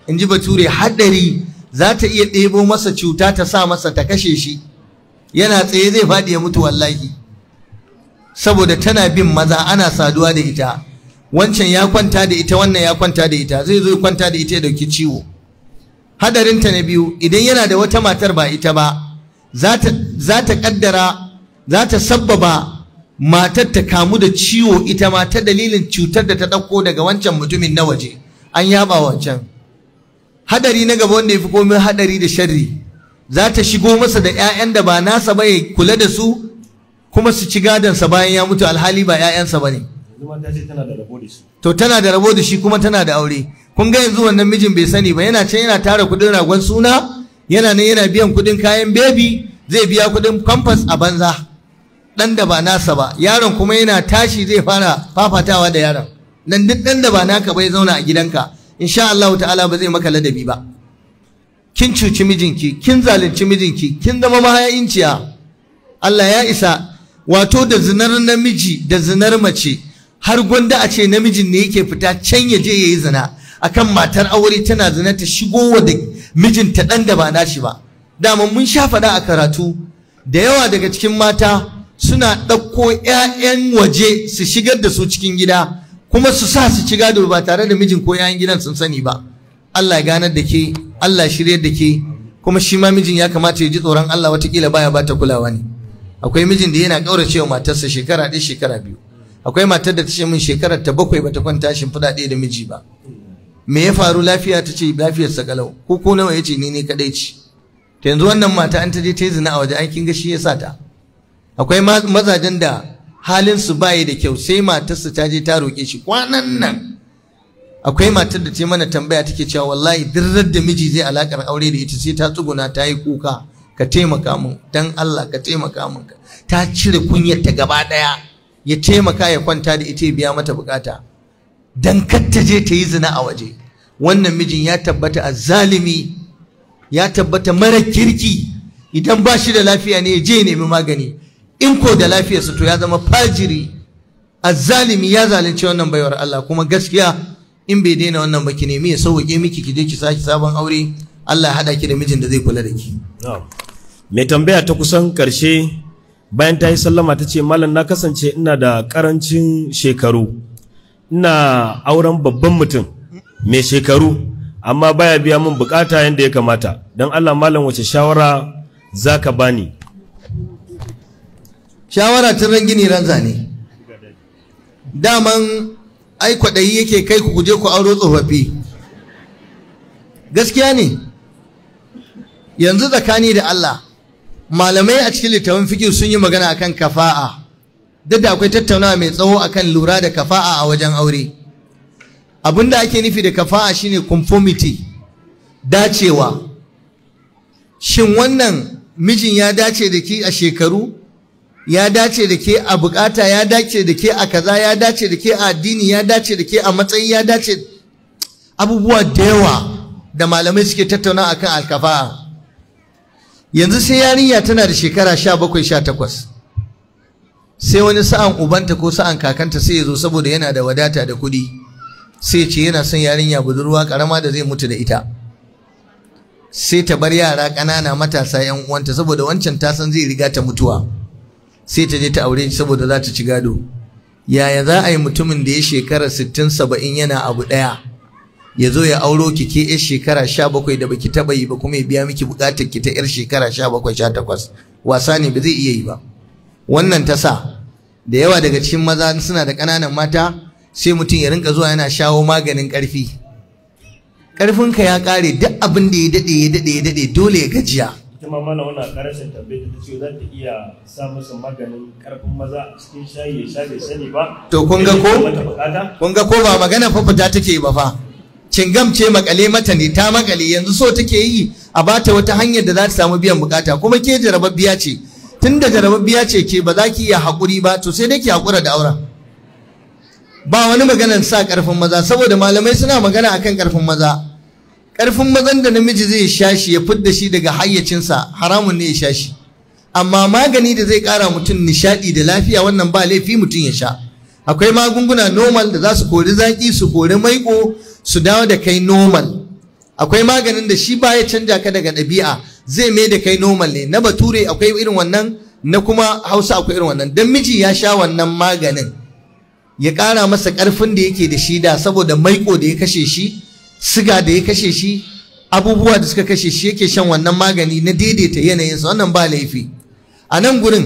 [SPEAKER 1] in ji bature hadari za ta iya ɗebo masa cuta ta sa masa ta kashe shi yana tsaye zai faɗi ya mutu wallahi saboda tana bin maza ana saduwa da ita wancan ya kwanta da ita wannan ya kwanta da ita zai zo kwanta da ita ya dauki ciwo hadarinta na biyu idan yana da wata matar ba ita ba za ta kaddara za ta sabbaba matar ta kamu da ciwo ita ma ta dalilin cutar da ta ɗauko daga wancan mutumin na waje an yaba wancan hadari na gaba wanda ya fi komai hadari da sharri za ta shigo masa da 'ya'yan da ba nasa ba ya kula da su kuma su ci gadonsa bayan ya mutu alhali ba 'ya'yansa ba ne to tana da rabo da shi kuma tana da aure kun ga yanzu wannan mijin bai sani ba yana can yana tara kuɗin ragon suna yana nan yana biyan kuɗin kayan bebi zai biya kuɗin kwamfas a banza ɗan da ba nasa ba yaron kuma yana tashi zai fara fafatawa da yaron nan duk dan da ba naka bai zauna a gidanka insha Allah ta'ala ba zai maka ladabi ba kin cuci mijinki kin zalunci mijinki kin zama mahayinciya Allah ya isa wato da zinar namiji da zinar mace har gwanda a ce namijin ne yake fita can ya je ya yi zina akan matar aure tana zina ta shigo wa da mijinta ɗan da ba nashi ba dama mun sha faɗa a karatu da yawa daga cikin mata suna ɗauko 'ya'yan waje su shigar da su cikin gida kuma su sa su ci gado ba tare da mijin ko 'ya'yan gidan sun sani ba Allah ya ganar da ke Allah shiryar da ke kuma shi ma mijin ya kamata ya ji tsoron Allah watakila baya bata kulawa ne akwai mijin da yana kaurace cewa matarsa shekara ɗaya shekara biyu akwai matar da ta ce min shekara ta bakwai bata kwanta shimfiɗa ɗaya da miji ba me ya faru lafiya ta ce lafiyar sa kalau ko ko nawa ya ce ni ne kadai ce ta yanzu wannan mata an ta je ta yi zina a waje an kin shi ya sa ta akwai mazajen da halin su bayi da kyau sai matarsa ta je ta roƙe shi kwanan nan akwai matar da ta mana tambaya take cewa wallahi duk da miji zai alakar aure da ita sai ta tsuguna ta yi kuka ka taimaka mun dan Allah ka taimaka mun ta cire kunyar ta gaba daya ya taimaka ya kwanta da ita biya mata bukata dan kar ta je ta yi zina a waje wannan mijin ya tabbata zalimi, ya tabbata mara kirki idan ba shi da lafiya ne ya je ya nemi magani in ko da lafiyarsa to ya zama fajiri zalimi ya zalunci wannan baiwar Allah kuma gaskiya in bai daina wannan ba ki nemi ya sauke miki ki je ki saki sabon aure Allah ya hada ki da mijin da zai kula da ki.
[SPEAKER 2] mai tambaya ta kusan karshe bayan ta yi sallama ta ce malam na kasance ina da karancin shekaru ina auren babban mutum mai shekaru amma baya biya min bukata yadda ya kamata don allah malam wace shawara za ka bani
[SPEAKER 1] shawara ta rangini ranza ne daman ai kwaɗayi yake kai ku kuje ku auro tsofaffi gaskiya ne yanzu tsakani da allah malamai a cikin littafin fiki sun yi magana akan kafa'a duk da akwai tattaunawa mai tsawo akan lura da kafa'a a wajen aure abin da ake nufi da kafa'a shine conformity dacewa shin wannan mijin ya dace da ke a shekaru ya dace da ke a bukata ya dace da ke a kaza ya dace da ke a addini ya dace da ke a matsayi ya dace abubuwa da yawa da malamai suke tattauna akan alkafa'a yanzu sai yarinya tana da shekara sha bakwai sha takwas sai wani sa'an ubanta ko sa'an kakanta sai ya zo saboda yana da wadata da kuɗi sai ce yana son yarinya budurwa karama da zai mutu da ita sai ta bar yara ƙanana matasa yan uwanta saboda wancan ta san zai riga ta mutuwa sai ta je ta aure shi saboda za ta ci gado yaya za a yi mutumin da ya shekara sittin saba'in yana abu ɗaya ya zo ya auro ki ke yar shekara sha bakwai da baki taɓa yi ba kuma ya biya miki buƙatar ki ta yar shekara sha bakwai sha takwas wasa ne ba zai iya yi ba wannan ta sa da yawa daga cikin maza suna da ƙananan mata sai mutum ya rinka zuwa yana shawo maganin ƙarfi ƙarfinka ya ƙare duk abin da ya daɗe ya daɗe ya daɗe dole ya gajiya
[SPEAKER 2] ita ma mana wannan karashin tambayar ta ce za ta iya sa musu maganin karfin maza a cikin shayi ya sha bai sani ba to kun ga ko
[SPEAKER 1] kun ga ko ba magana fa ta take ba fa cingam ce makale mata ne ta makale yanzu so take yi a bata wata hanyar da za ta samu biyan bukata kuma ke jarababbiya ce tunda jarababbiya ce ke ba za ki iya haƙuri ba to sai dai ki haƙura da auren ba wani maganar sa ƙarfin maza saboda malamai suna magana akan ƙarfin maza ƙarfin mazan da namiji zai sha shi ya fidda shi daga hayyacinsa haramun ne ya sha shi amma magani da zai ƙara mutum nishaɗi da lafiya wannan ba laifi mutum ya sha akwai magunguna normal da za su kori zaƙi su kori maiƙo su dawo da kai normal akwai maganin da shi ba ya canja ka daga ɗabi'a zai mai da kai normal ne na bature akwai irin wannan na kuma hausa akwai irin wannan dan miji ya sha wannan maganin ya ƙara masa ƙarfin da yake da shi da saboda maiko da ya kashe shi siga da ya kashe shi abubuwa da suka kashe shi yake shan wannan magani na daidaita yanayinsa wannan ba laifi a nan gurin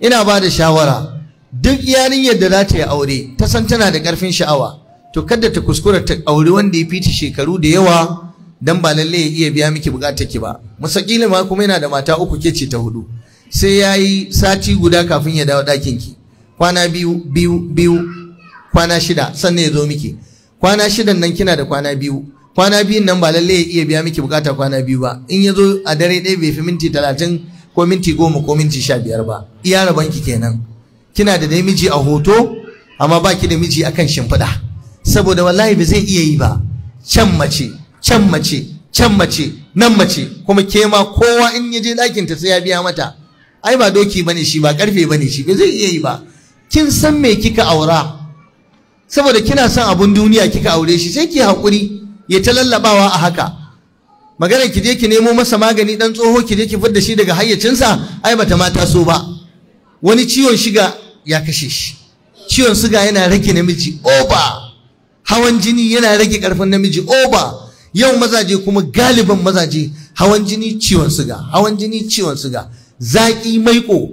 [SPEAKER 1] ina ba da shawara duk yarinyar da za ta yi aure ta san tana da ƙarfin sha'awa to kada ta kuskura ta auri wanda ya fita shekaru da yawa dan ba lalle ya iya biya miki bukatar ki ba musakila ma kuma yana da mata uku ke ce ta hudu sai yayi sati guda kafin ya dawo dakin ki kwana biyu biyu biyu kwana shida sannan ya zo miki kwana shidan nan kina da kwana biyu kwana biyun nan ba lalle ya iya biya miki bukata kwana biyu ba in ya zo a dare ɗaya bai fi minti talatin ko minti goma ko minti sha biyar ba iya rabon ki kenan kina da dai miji a hoto amma baki da miji akan shimfiɗa saboda wallahi ba zai iya yi ba can mace can mace can mace nan mace kuma ke ma kowa in ya je ɗakin ta sai ya biya mata ai ba doki bane shi ba karfe bane shi ba zai iya yi ba kin san me kika aura saboda kina son abun duniya kika aure shi sai ki haƙuri ya ta lallabawa a haka maganar ki je ki nemo masa magani dan tsoho ki je ki fidda shi daga hayyacinsa ai bata mata so ba wani ciwon shiga ya kashe shi ciwon suga yana rage namiji oba hawan jini yana rage karfin namiji oba yau mazaje kuma galiban mazaje hawan jini ciwon suga hawan jini ciwon suga zaki maiƙo.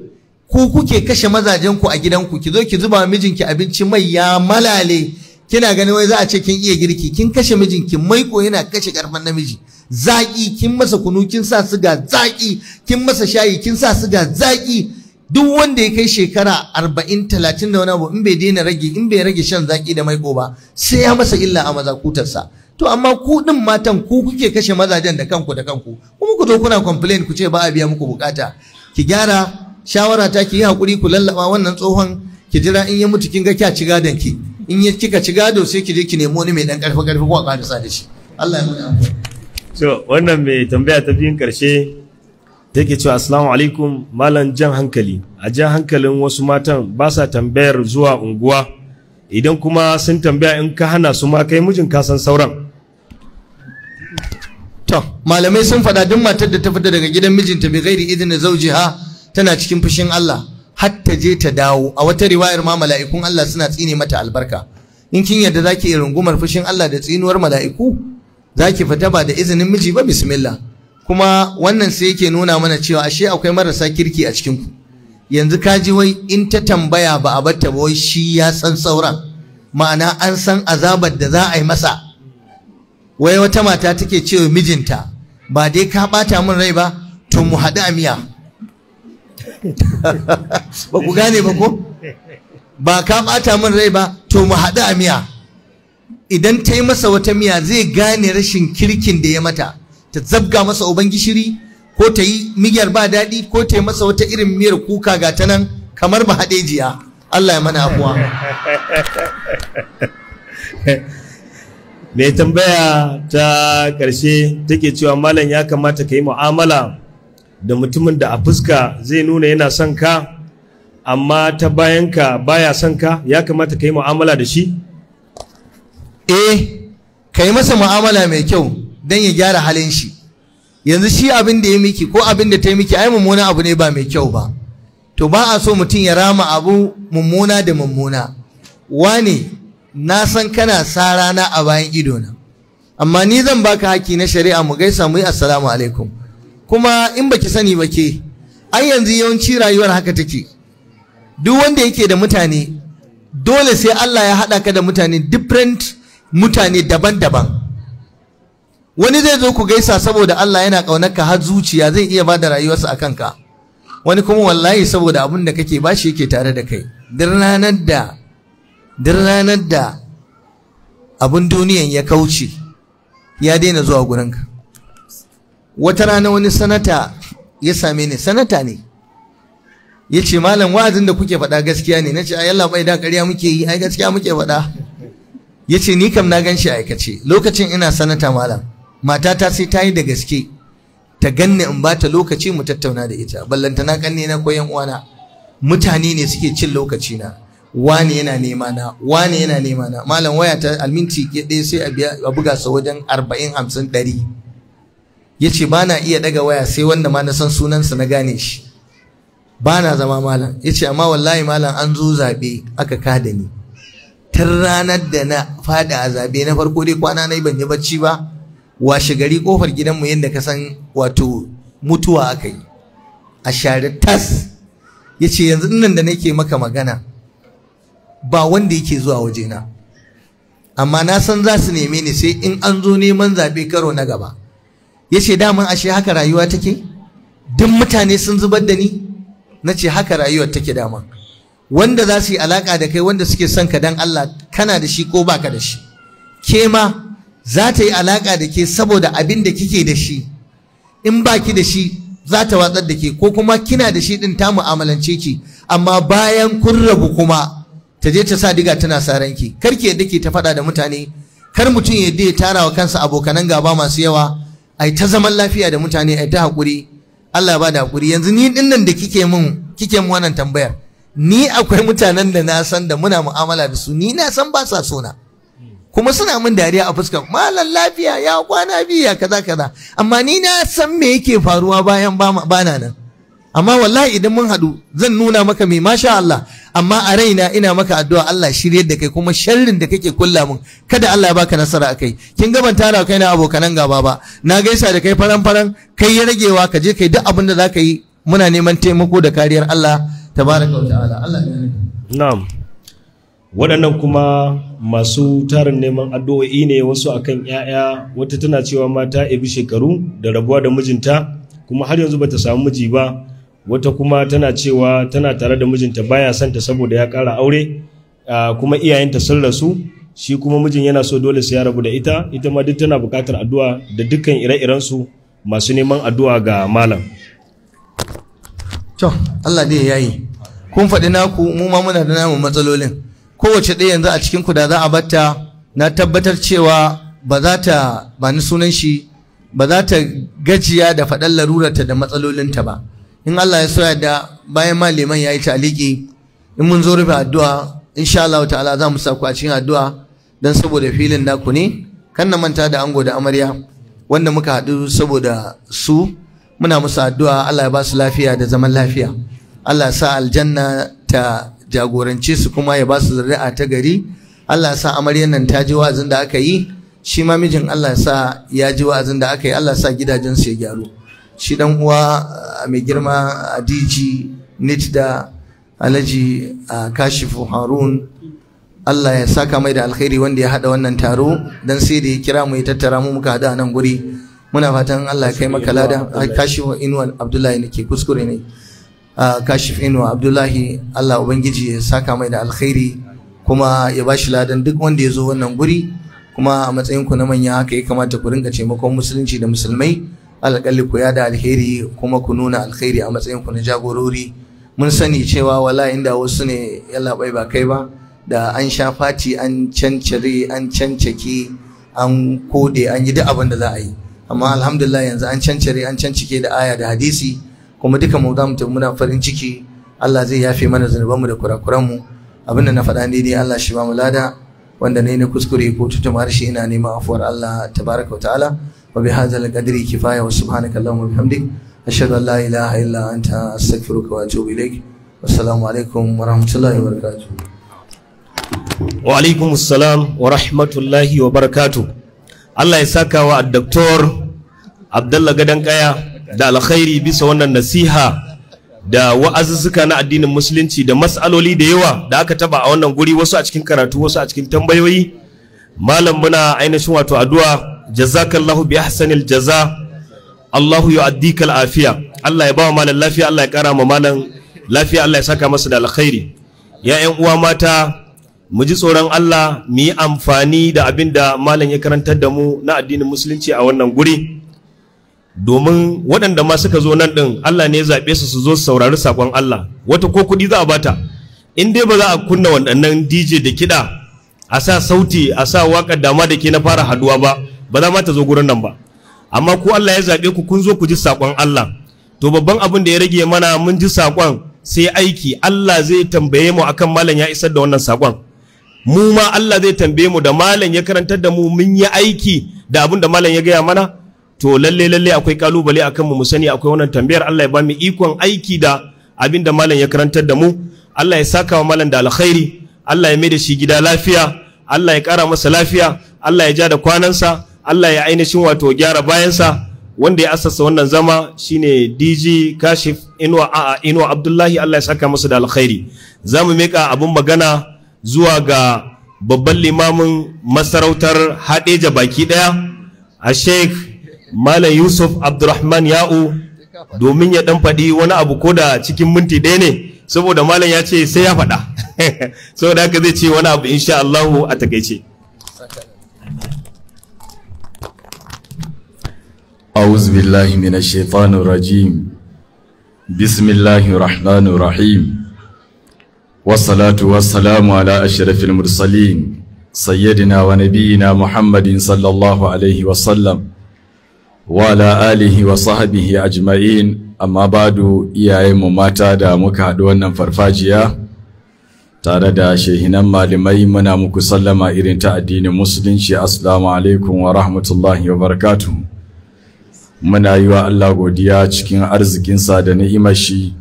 [SPEAKER 1] ku kuke kashe mazajen ku a gidanku ki zo ki zuba mijinki abinci mai ya malale kina ganin wai za a ce kin iya girki kin kashe mijinki maiko yana kashe karfin namiji Zaƙi, kin masa kunu kin sa suga zaki kin masa shayi kin sa suga zaƙi. duk wanda ya kai shekara arba'in talatin da wani abu in bai daina rage in bai rage shan zaki da maiko ba sai ya masa illa a mazakutarsa to amma ku din matan ku kuke kashe mazajen da kanku da kanku kuma ku zo kuna complain ku ce ba a biya muku bukata ki gyara shawara ta ki yi hakuri ku lallaba wannan tsohon ki jira in ya mutu kin ga kya ci gadon ki in ya kika ci gado sai ki je ki nemo ni mai dan karfi karfi ko a kwana da shi Allah ya nuna so wannan
[SPEAKER 2] mai tambaya ta biyun karshe take cewa assalamu alaikum malam jan hankali a jan hankalin wasu matan ba sa tambayar zuwa unguwa idan kuma sun
[SPEAKER 1] tambaya in ka hana su ma kai mijin ka san sauran to malamai sun faɗa duk matar da ta fita daga gidan mijinta bi gairi idin zaujiha tana cikin fushin Allah har ta je ta dawo a wata riwayar ma mala'ikun Allah suna tsine mata albarka in kin yarda zaki yi rungumar fushin Allah da tsinuwar mala'iku zaki fita ba da izinin miji ba bismillah kuma wannan sai yake nuna mana cewa ashe akwai marasa kirki a cikin ku yanzu ka ji wai in ta tambaya ba a batta ba wai shi ya san sauran ma'ana an san azabar da za a yi masa wai wata mata take cewa mijinta ba dai ka bata min rai ba to mu haɗu a miya *laughs* ba ku gane ba ko ba ka bata min rai ba to mu haɗu a miya idan ta yi masa wata miya zai gane rashin kirkin da ya mata ta zabga masa uban gishiri ko ta yi miyar ba daɗi ko ta yi masa wata irin miyar kuka ga ta nan kamar ba haɗe jiya. Allah ya mana afuwa
[SPEAKER 2] mai tambaya ta ƙarshe take cewa malam ya kamata ka yi mu'amala da mutumin da a fuska zai nuna yana son ka amma ta bayan ka baya son ka ya kamata ka yi mu'amala da shi
[SPEAKER 1] eh ka yi masa mu'amala mai kyau don ya gyara halin shi yanzu shi abin da ya miki ko abin da ta yi miki ai mummuna abu ne ba mai kyau ba to ba a so mutum ya rama abu mummuna da mummuna wane na san kana sa rana a bayan ido na amma ni zan baka haki na shari'a mu gaisa mu yi assalamu alaikum kuma in baki sani ba ke ai yanzu yawanci rayuwar haka take duk wanda yake da mutane dole sai Allah ya haɗa ka da mutane different mutane daban-daban wani zai zo ku gaisa saboda Allah yana ƙaunarka har zuciya zai iya bada rayuwarsa a kanka wani kuma wallahi saboda abin da kake bashi yake tare da kai duk ranar da duk ranar da abin duniyan ya kauce ya daina zuwa gurinka wata rana wani sanata ya same ni sanata ne ya ce malam wa'azin da kuke faɗa gaskiya ne na ce ai Allah bai da ƙarya muke yi ai gaskiya muke faɗa ya ce ni kam na gan shi aikace lokacin ina sanata malam matata sai ta yi da gaske ta ganne in ba ta lokaci mu tattauna da ita ballantana kanne na ko uwana mutane ne suke cin lokaci na wani yana nema na wani yana nema na malam waya ta alminti ke ɗaya sai a buga sa wajen arba'in hamsin ɗari ya ce ba na iya ɗaga waya sai wanda ma na san sunansa na gane shi ba na zama malam ya ce amma wallahi malam an zo zaɓe aka kada ni tun ranar da na faɗi a zaɓe na farko dai kwana na ban yi bacci ba washe gari kofar gidanmu yadda ka san wato mutuwa aka yi a share tas ya ce yanzu nan da nake maka magana ba wanda yake zuwa wajena amma na san za su neme ni sai in an zo neman zaɓe karo na gaba ya ce daman ashe haka rayuwa take duk mutane sun zubar da ni na ce haka rayuwa take dama. wanda za su yi alaƙa da kai wanda suke son ka dan Allah kana da shi ko baka da shi ke ma za ta yi alaƙa da ke saboda abin da kike da shi in ba ki da shi za ta watsar da ke ko kuma kina da shi ɗin ta mu'amalance ki amma bayan kun rabu kuma ta je ta sa diga tana saran ki kar ki yadda ke ta faɗa da mutane kar mutum ya yadda ya tara wa kansa abokanan gaba masu yawa a ta zaman lafiya da mutane a ta haƙuri Allah ba da haƙuri yanzu ni ɗin nan da kike min kike min wannan tambayar ni akwai mutanen da na san da muna mu'amala da su ni na san ba sa sona. kuma suna min dariya a fuskar malam lafiya ya kwana biya kaza kaza amma ni na san me yake faruwa bayan bana nan amma wallahi idan mun haɗu zan nuna maka mai masha Allah amma a raina ina maka addu'a Allah shirye da kai kuma sharrin da kake kulla mun kada Allah ya baka nasara a kai kin gaban tara kai na abokanan gaba ba na gaisa da kai faran faran kai ya ragewa ka je kai duk abin da zaka yi muna neman taimako da kariyar Allah tabaraka wa ta'ala Allah ya
[SPEAKER 2] na'am waɗannan kuma masu tarin neman addu'o'i ne wasu akan 'ya'ya wata tana cewa mata ebi shekaru da rabuwa da mijinta kuma har yanzu bata samu miji ba wata kuma tana cewa tana tare da mijinta baya son ta saboda ya ƙara aure kuma iyayenta sun rasu shi kuma mijin yana so dole sai ya rabu da ita ita ma duk tana buƙatar addu'a da dukkan ire-iren su masu neman addu'a ga malam
[SPEAKER 1] to Allah dai yayi kun faɗi naku mu ma muna da namu matsalolin kowace ɗaya yanzu a cikin ku da za a batta na tabbatar cewa ba za ta ba ni sunan shi ba za ta gajiya da faɗan larurarta da matsalolinta ba in Allah ya so da bayan maliman ya yi taliki in mun zo rufe addu'a insha Allah ta'ala za mu sa ku a cikin addu'a dan saboda filin naku ne kan na manta da ango da amarya wanda muka haɗu saboda su muna musu addu'a Allah ya ba su lafiya da zaman lafiya Allah ya sa aljanna ta jagorance su kuma ya ba su zuri'a ta gari Allah sa amaryan nan ta ji wa'azin da aka yi shi ma mijin Allah sa ya ji wa'azin da aka yi Allah sa gidajen su ya gyaru shi dan uwa mai girma Adiji Nit da Alhaji Kashifu Harun Allah ya saka mai da alkhairi wanda ya hada wannan taro dan sai da ya kira mu ya tattara mu muka hada nan guri muna fatan Allah ya kai maka lada Kashifu Inwan Abdullahi nake kuskure ne kashif inu abdullahi allah ubangiji ya saka mai da alkhairi kuma ya ba shi ladan duk wanda ya zo wannan guri kuma a matsayin ku na manya haka ya kamata ku rinka taimakon musulunci da musulmai alƙalli ku da alheri kuma ku nuna alheri a matsayin ku na jagorori mun sani cewa wala inda wasu ne bai ba kai ba da an sha fati an cancare an cancake an kode an yi duk abin da za a yi amma alhamdulillah yanzu an cancare an cancike da aya da hadisi kuma duka mu za mu tafi muna farin ciki Allah zai yafe mana zunubanmu da kurakuranmu abin da na faɗa ne dai Allah shi ba mu lada wanda ne na kuskure ko mar shi ina neman afuwar Allah tabaraka wa ta'ala wa bi hadzal qadri kifaya wa subhanaka allahumma wa bihamdik ashhadu an la ilaha illa anta astaghfiruka wa atubu ilaik assalamu alaikum wa rahmatullahi wa barakatuh
[SPEAKER 2] wa alaikum assalam wa rahmatullahi wa barakatuh Allah ya saka wa Dr. Abdullah Gadan Kaya da alkhairi bisa wannan nasiha da wa'azuzzuka na addinin musulunci da mas'aloli da yawa da aka taba a wannan guri wasu a cikin karatu wasu a cikin tambayoyi malam muna ainihin wato addu'a jazakallahu bi ahsanil jaza Allahu yu'addika al'afiya Allah ya bawa malam lafiya Allah ya kara ma malam lafiya Allah ya saka masa da alkhairi ya ƴan uwa mata mu ji tsoron Allah mu yi amfani da abin da malam ya karantar da mu na addinin musulunci a wannan guri domin waɗanda ma suka zo nan ɗin Allah ne ya zaɓe su su zo su saurari saƙon Allah wata ko kuɗi za a bata in dai ba za a kunna waɗannan DJ da kiɗa a sa sauti a sa waƙa dama da ke na fara haduwa ba ba za ma ta zo gurin nan ba amma ko Allah ya zaɓe ku kun zo ku ji saƙon Allah to babban abin da ya rage mana mun ji saƙon sai aiki Allah zai tambaye mu akan malam ya isar da wannan saƙon mu ma Allah zai tambaye mu da malam ya karantar da mu mun yi aiki da abin da malam ya gaya mana to lalle lalle akwai kalubale akan mu mu sani akwai wannan tambayar Allah ya ba mu ikon aiki da abinda malam ya karantar da mu Allah ya saka wa malam da alkhairi Allah ya mai da shi gida lafiya Allah ya kara masa lafiya Allah ya ja da kwanansa Allah ya ainihin wato gyara bayansa wanda ya asasa wannan zama shine DG Kashif Inuwa a'a Inuwa Abdullahi Allah ya saka masa da alkhairi zamu mika abun magana zuwa ga babban limamin masarautar Hadeja baki daya a Sheikh Malam Yusuf Abdurrahman Ya'u domin ya dan faɗi wani abu ko da cikin minti ɗaya ne saboda malam ya ce sai ya faɗa *laughs* saboda haka zai ce wani abu insha Allahu a takaice
[SPEAKER 3] أعوذ بالله من الشيطان الرجيم بسم الله الرحمن الرحيم والصلاة والسلام على أشرف المرسلين سيدنا ونبينا محمد صلى الله عليه wala alihi wa sahabihi ajma'in amma badu iyayenmu mata da muka haɗu wannan farfajiya tare da shehinan malamai muna muku sallama irin ta addinin musulunci assalamu alaikum wa rahmatullahi wa barakatuh muna yi wa Allah godiya cikin arzikinsa da ni'imar shi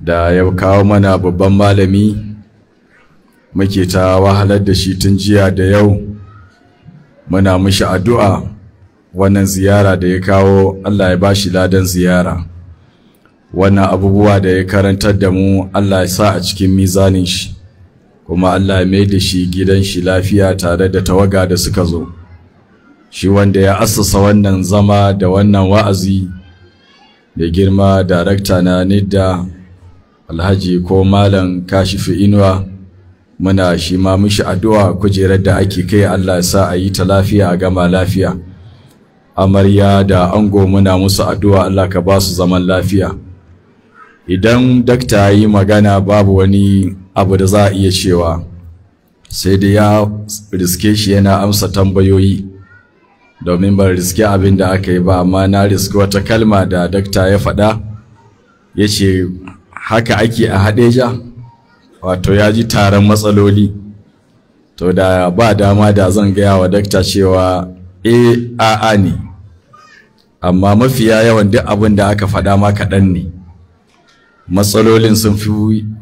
[SPEAKER 3] da ya kawo mana babban malami muke ta wahalar da shi tun jiya da yau muna mishi addu'a wannan ziyara da ya kawo Allah ya bashi ladan ziyara wannan abubuwa da ya karantar da mu Allah ya sa a cikin mizanin shi kuma Allah ya mai da shi gidan shi lafiya tare da tawaga da suka zo shi wanda ya assasa wannan zama da wannan wa'azi da girma darakta na nidda alhaji ko malam kashifi inuwa muna shi ma mishi addu'a kujerar da ake kai Allah ya sa a yi ta lafiya a gama lafiya amarya da ango muna musu addu'a Allah ka ba su zaman lafiya idan dakta yi magana babu wani abu da za a iya cewa sai da ya riske shi yana amsa tambayoyi domin ban riske abin da aka yi ba amma na riske wata kalma da dakta ya faɗa ya ce haka ake a ja? wato ya ji taron matsaloli to da ba dama da zan gaya wa dakta cewa eh, a'a ne amma mafiya yawan duk abin da aka faɗa ma kaɗan ne matsalolin sun fi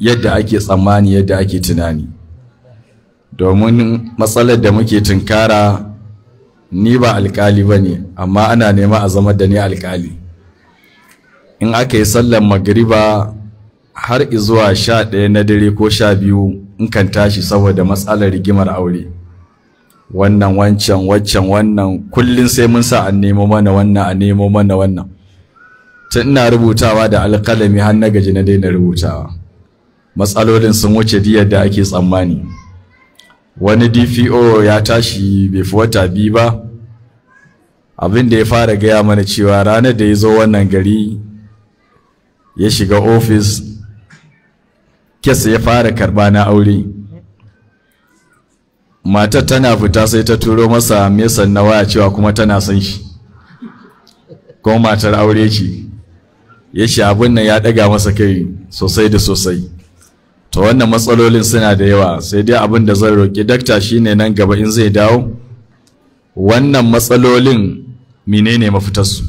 [SPEAKER 3] yadda ake tsammani yadda ake tunani domin matsalar da muke tunkara ni ba alkali ba ne amma ana nema a zama da ni alkali in aka yi sallar magariba har izuwa sha ɗaya na dare ko sha biyu in kan tashi saboda matsalar rigimar aure wannan wancan waccan wannan kullum sai mun sa an nemo mana wannan an nemo mana wannan tun ina rubutawa da alƙalami har na gaji na daina rubutawa matsalolin sun wuce diyar da ake tsammani wani dpo ya tashi bai wata biyu ba abin da ya fara gaya mana cewa ranar da ya zo wannan gari ya shiga ofis kes ya fara karɓa na aure matar tana fita sai ta turo masa mesan na waya cewa kuma tana son shi ko matar aure ce ya shi abin nan ya daga masa kai sosai da sosai to wannan matsalolin suna da yawa sai dai abin da zan roƙi dakta shine nan gaba in zai dawo wannan matsalolin menene mafitarsu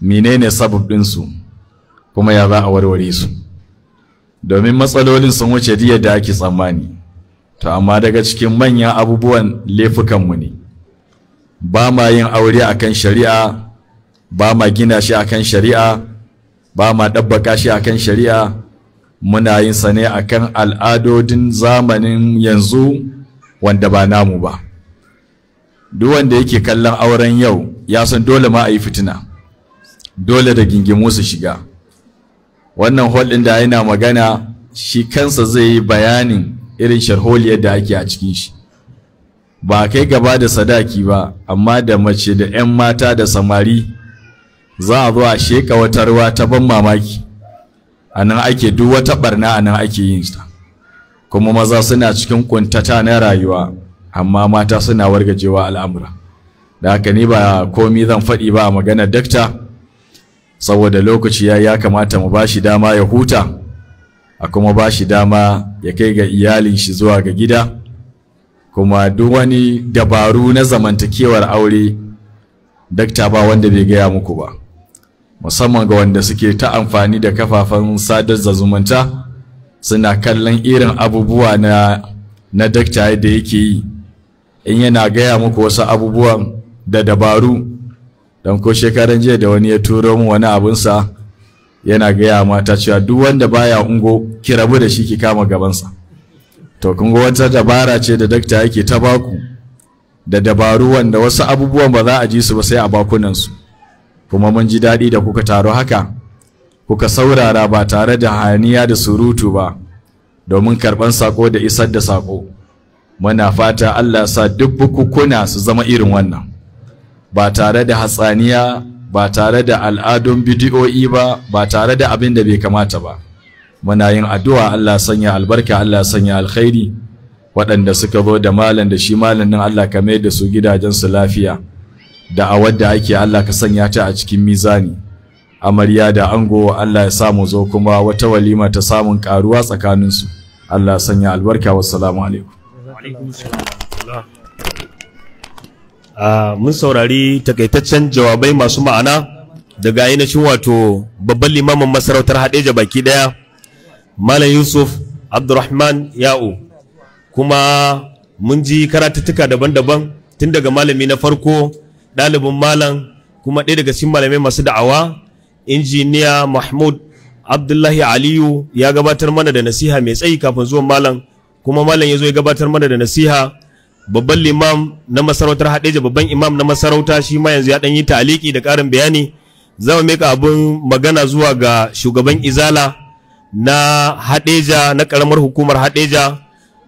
[SPEAKER 3] menene su? kuma ya za a warware su domin matsalolin sun wuce diyar da ake tsammani to amma daga cikin manyan abubuwan laifukanmu ne ba ma yin aure akan shari'a ba ma gina shi akan shari'a ba ma ɗabbaka shi akan shari'a muna yin sa ne kan al'adodin zamanin yanzu wanda ba namu ba duk wanda yake kallon auren yau ya san dole ma a yi fitina dole da gingimu su shiga wannan hol ɗin da yana magana shi kansa zai yi bayanin irin sharholiyar da ake a cikin shi ba kai gaba da sadaki ba amma da mace da 'yan mata da samari za a zo a sheka wata ruwa ta ban mamaki a nan ake duk wata barna a nan ake yin ta kuma maza suna cikin kuntata na rayuwa amma mata suna wargajewa al'amura da haka ni ba komi zan faɗi ba a maganar dakta saboda lokaci ya ya kamata mu ba shi dama ya huta a kuma ba shi dama ya kai ga iyalin shi zuwa ga gida kuma duk wani dabaru na zamantakewar aure dakta ba wanda bai gaya muku ba musamman ga wanda suke ta amfani da kafafen sadar zumunta suna kallon irin abubuwa na na dakta da yake yi in yana gaya muku wasu abubuwan da dabaru don ko shekaran jiya da wani ya turo mu wani abinsa yana gaya mata cewa duk wanda baya ungo ki rabu da shi ki kama gabansa to kun ga wata dabara ce da dakta yake ta baku da dabaru wanda wasu abubuwan ba za a ji su ba sai a bakunan su kuma mun ji daɗi da kuka taro haka kuka saurara ba tare da haniya da surutu ba domin karban sako da isar da sako muna fata Allah sa duk bukukuna su zama irin wannan ba tare da hatsaniya ba tare da al'adun bidiyo'i ba ba tare da abin da bai kamata ba muna yin addu'a Allah sanya albarka Allah sanya alkhairi waɗanda suka zo da malam da shi malam nan Allah ka mai da su gidajensu lafiya da a wadda ake Allah ka sanya ta a cikin mizani amarya da ango Allah ya samu zo kuma wata walima ta samun karuwa tsakaninsu Allah sanya albarka wassalamu
[SPEAKER 4] alaikum
[SPEAKER 2] Ah, mun saurari takaitaccen jawabai masu ma'ana daga ainihin wato babban limamin masarautar hadeja baki ɗaya malam yusuf abdurrahman ya'u kuma mun ji karatuttuka daban-daban tun daga malami na farko ɗalibin malam kuma ɗaya daga cikin malamai masu da'awa injiniya mahmud abdullahi aliyu ya gabatar mana da nasiha mai tsayi kafin zuwan malam kuma malam ya zo ya gabatar mana da nasiha babban limam na masarautar hadeja babban imam na masarauta shi ma yanzu ya dan yi taliki da karin bayani zama mika abun magana zuwa ga shugaban izala na hadeja na karamar hukumar hadeja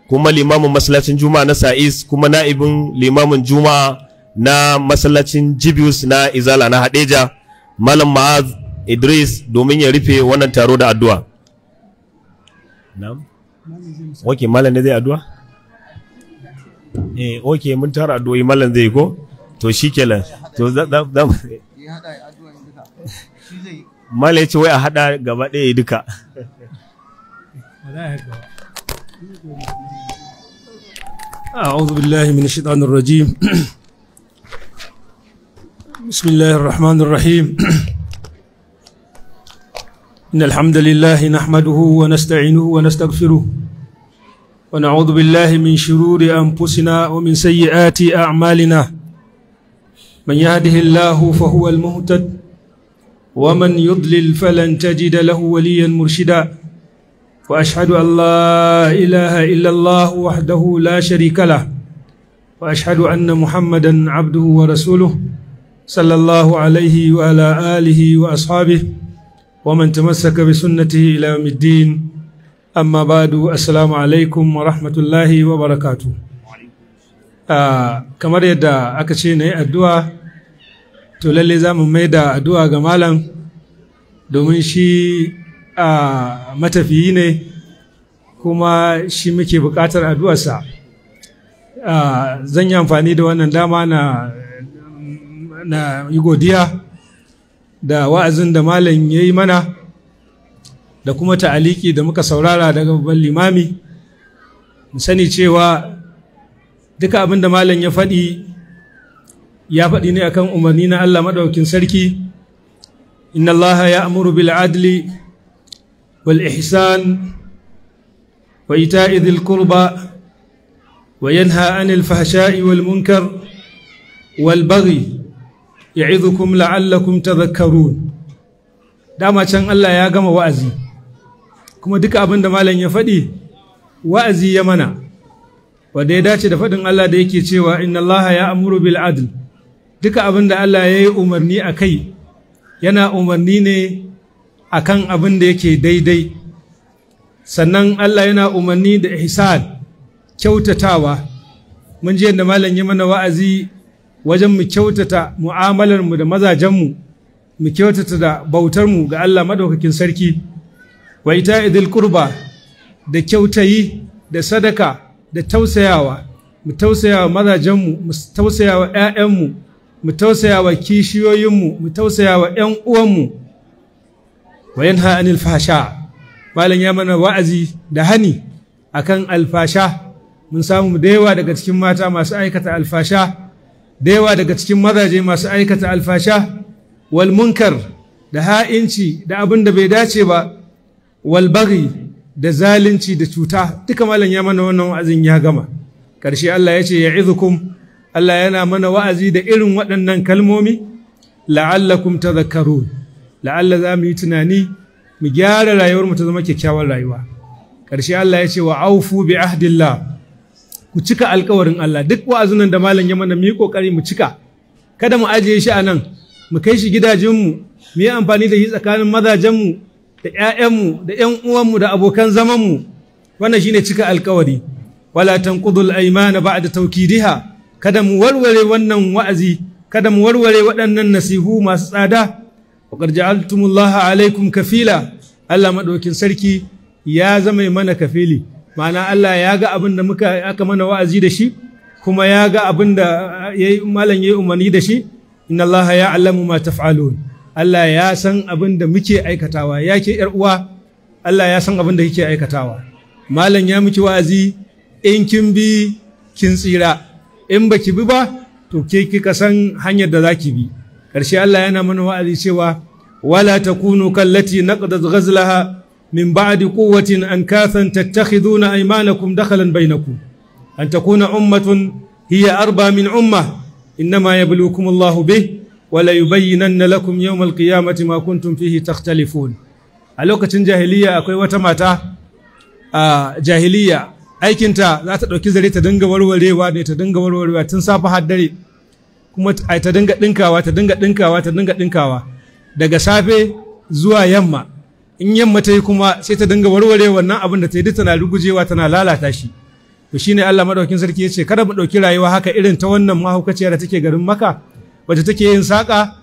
[SPEAKER 2] kuma limamin masallacin Juma na sa'is kuma na'ibin limamin juma'a na masallacin jibius na izala na hadeja malam ma'az idris domin ya rufe wannan taro da addu'a na'am malam ne zai addu'a eh okay mun tara addu'o'i mallan zai go to shikenan to za za mala ya ce wai a hada gaba ɗaya duka
[SPEAKER 4] أعوذ بالله من الشيطان الرجيم بسم الله الرحمن الرحيم إن الحمد لله نحمده ونستعينه ونستغفره ونعوذ بالله من شرور أنفسنا ومن سيئات أعمالنا من يهده الله فهو المهتد ومن يضلل فلن تجد له وليا مرشدا وأشهد أن لا إله إلا الله وحده لا شريك له وأشهد أن محمدا عبده ورسوله صلى الله عليه وعلى آله وأصحابه ومن تمسك بسنته إلى يوم الدين amma badu assalamu alaikum wa rahmatullahi wa barakatu ah, kamar yadda aka ce na yi addu'a to lalle za mu mai da addu'a ga malam domin shi a ah, matafiyi ne kuma shi muke buƙatar addu'arsa ah, zan yi amfani da wannan dama na yi godiya da wa'azin da malam ya yi mana da kuma ta'aliki da muka saurara daga babban limami mu sani cewa duka abin da malam ya faɗi ya faɗi ne akan umarni na Allah maɗaukin sarki inna Allah ya amuru bil adli wal ihsan wa ita'i dhil qurba wa yanha 'anil fahsha'i wal munkar wal baghi ya'idhukum la'allakum tadhakkarun dama can Allah ya gama wa'azi kuma duka abin da malam ya faɗi wa'azi ya mana wanda ya dace da faɗin Allah da yake cewa inna Allah ya amuru bil adl duka abin da Allah ya yi umarni a kai yana umarni ne a kan abin da yake daidai sannan Allah yana umarni da ihsan kyautatawa mun ji yadda malam ya mana wa'azi wajen mu kyautata mu'amalarmu da mazajenmu mu kyautata da bautarmu ga Allah madaukakin sarki wa ita idil kurba da kyautayi da sadaka da tausayawa mu tausayawa mazajenmu mu tausayawa 'ya'yanmu mu tausayawa kishiyoyinmu mu tausayawa 'yan uwanmu wa yin malam ya mana wa'azi da hani akan alfasha mun samu da yawa daga cikin mata masu aikata alfasha da yawa daga cikin mazaje masu aikata alfasha Walmunkar, da ha'inci da abin da bai dace ba Walbari da zalunci da cuta duka malam ya mana wannan wa'azin ya gama karshe Allah ya ce ya ya'izukum Allah yana mana wa'azi da irin waɗannan kalmomi la'allakum tadhakkarun la'alla za mu yi tunani mu gyara rayuwar mu ta zama kyakkyawar rayuwa karshe Allah ya ce wa aufu bi ahdillah ku cika alkawarin Allah duk wa'azin da malam ya mana mu yi mu cika kada mu ajiye shi a nan mu kai shi gidajenmu mu yi amfani da shi tsakanin mazajenmu da ‘ya'yanmu da ‘yan uwanmu da abokan zamanmu wannan shine cika alkawari wala tanqudul aymana ba'da tawkidiha kada mu warware wannan wa'azi kada mu warware waɗannan nasihu masu tsada wa qad ja'altumullaha alaikum kafila Allah madaukin sarki ya zama mana kafili ma'ana Allah ya ga abin da muka aka mana wa'azi da shi kuma ya ga abin da yayi malam yayi umarni da shi inna Allah ya'lamu ma taf'alun Allah ya san abin da muke aikatawa ya ke ‘yar uwa Allah ya san abin da kike aikatawa malam ya miki wa'azi in kin bi kin tsira in baki bi ba to ke kika san hanyar da zaki bi ƙarshe Allah yana mana wa'azi cewa wala takunu kallati naqdat ghazlaha min ba'di quwwatin kasan tattakhiduna aymanakum dakhalan bainakum an takuna ummatun hiya arba min ummah inma yabluukum Allahu be. Wala وليبينن لكم يوم القيامة ما كنتم فيه تختلفون a lokacin jahiliya akwai wata mata a jahiliya aikinta za ta ɗauki zare ta dinga warwarewa ne ta dinga warwarewa tun safe har dare kuma ta dinga ɗinkawa ta dinga ɗinkawa ta dinga ɗinkawa daga safe zuwa yamma in yamma ta yi kuma sai ta dinga warwarewa wannan abin da ta yi tana rugujewa tana lalata shi to shine Allah madaukin sarki ya ce kada mu ɗauki rayuwa haka irin ta wannan mahaukaciyar da take garin maka wacce take yin saƙa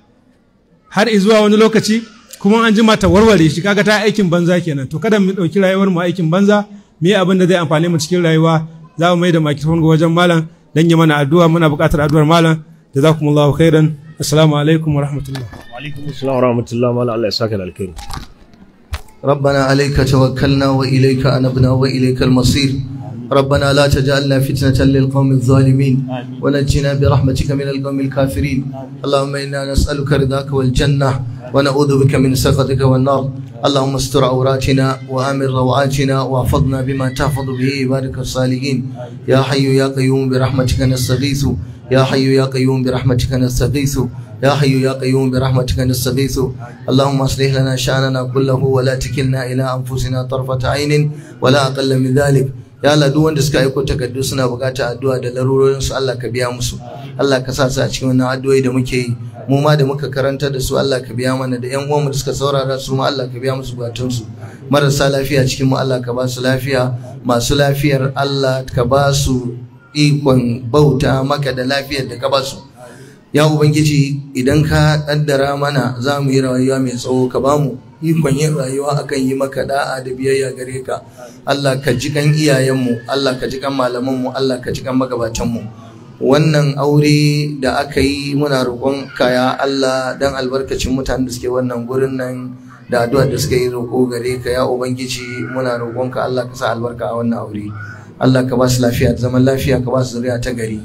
[SPEAKER 4] har zuwa wani lokaci kuma an jima ta warware shi kaga ta aikin banza kenan to kada mu ɗauki rayuwar mu aikin banza mu yi abin da zai amfane mu cikin rayuwa za mu mai da microphone ga wajen malam dan yi mana addu'a muna buƙatar addu'ar malam jazakumullahu khairan assalamu alaikum wa rahmatullah wa
[SPEAKER 2] alaikum
[SPEAKER 1] assalam wa rahmatullah malam Allah ya saka da alkhairi ربنا عليك توكلنا وإليك أنبنا وإليك المصير ربنا لا تجعلنا فتنة للقوم الظالمين ونجنا برحمتك من القوم الكافرين اللهم إنا نسألك رضاك والجنة ونعوذ بك من سخطك والنار اللهم استر عوراتنا وامن روعاتنا واحفظنا بما تحفظ به عبادك الصالحين يا حي يا قيوم برحمتك نستغيث يا حي يا قيوم برحمتك نستغيث يا حي يا قيوم برحمتك نستغيث اللهم اصلح لنا شاننا كله ولا تكلنا الى انفسنا طرفه عين ولا اقل من ذلك ya Allah duk wanda suka aiko takardu suna bukatar addu'a da larurorin su Allah ka biya musu Allah ka sa su a cikin wannan addu'o'i da muke yi mu ma da muka karanta da su Allah ka biya mana da yan uwanmu da suka saurara su ma Allah ka biya musu bukatun su marasa lafiya cikin mu Allah ka ba su lafiya masu lafiyar Allah ka ba su ikon bauta maka da lafiyar da ka ba su ya ubangiji idan ka kaddara mana za mu yi rayuwa mai tsawo ka bamu ikon yin rayuwa akan yi maka da'a da biyayya gare ka Allah ka ji kan iyayenmu Allah ka ji kan malamanmu Allah ka ji kan magabatanmu wannan aure da aka yi muna roƙon kaya Allah dan albarkacin mutanen da suke wannan gurin nan da addu'a da suka yi roƙo gare ka ya ubangiji muna roƙon ka Allah ka sa albarka a wannan aure Allah ka ba su lafiya zaman lafiya ka ba su zuriya ta gari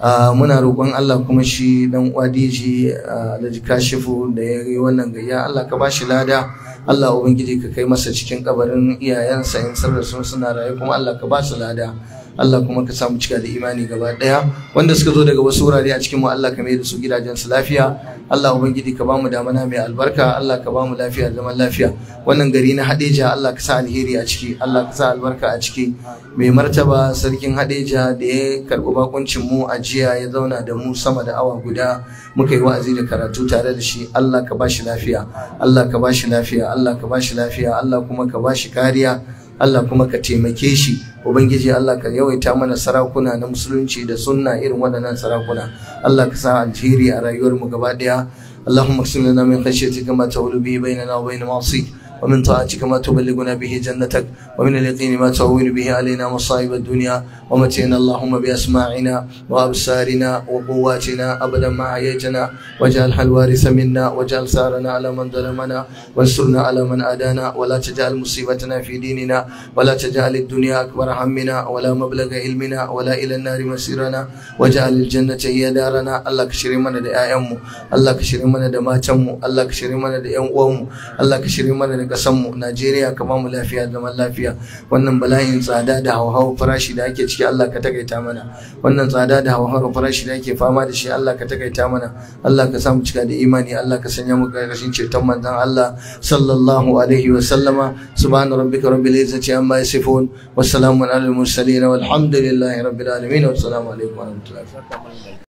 [SPEAKER 1] Ah, muna roƙon Allah kuma shi dan uwa DJ ah, Alhaji Kashifu da ya yi wannan gayya Allah ka bashi lada Allah ubangiji ka kai masa cikin kabarin iyayensa in sarrafa suna raye kuma Allah ka basu lada Allah kuma ka samu cika da imani gaba daya wanda suka zo daga wasu wurare a cikin mu Allah ka mai da su gidajen su lafiya Allah ubangiji ka bamu damana mai albarka Allah ka bamu lafiya da zaman lafiya wannan gari na Hadeja Allah ka sa alheri a ciki Allah ka sa albarka a ciki mai martaba sarkin Hadeja da ya karbi bakuncin mu a jiya ya zauna da mu sama da awa guda muka yi wa'azi da karatu tare da shi Allah ka ba shi lafiya Allah ka ba shi lafiya Allah ka ba shi lafiya Allah kuma ka ba shi kariya Allah kuma ka taimake shi ubangiji Allah ka yawaita mana sarakuna na musulunci da sunna irin waɗannan sarakuna Allah ka sa Algeria a rayuwar mu gaba daya اللهم اقسم min khashyatika ma ta'ulu bi bainana wa وبين معصيك ومن طاعتك ما تبلغنا به جنتك ومن اليقين ما تهون به علينا مصائب الدنيا ومتعنا اللهم بأسماعنا وأبصارنا وقواتنا أبدا ما أحييتنا واجعلها الوارث منا واجعل ثارنا على من ظلمنا وانصرنا على من عادانا ولا تجعل مصيبتنا في ديننا ولا تجعل الدنيا أكبر همنا ولا مبلغ علمنا ولا إلى النار مسيرنا واجعل الجنة هي دارنا الله كشري من da 'ya'yanmu Allah ka shirye mana da matanmu Allah ka shirye mana da 'yan uwanmu Allah ka shirye mana da kasan mu Najeriya ka mu lafiya zaman lafiya wannan bala'in tsada da hauhawar farashi da ake ciki Allah ka takaita mana wannan tsada da hauhawar farashi da ake fama da shi Allah ka takaita mana Allah ka samu cika da imani Allah ka sanya mu karkashin ceton manzon Allah sallallahu alaihi wa sallama rabbika rabbil izzati amma yasifun wassalamu ala al mursalin walhamdulillahi rabbil alamin alaikum wa rahmatullahi wa barakatuh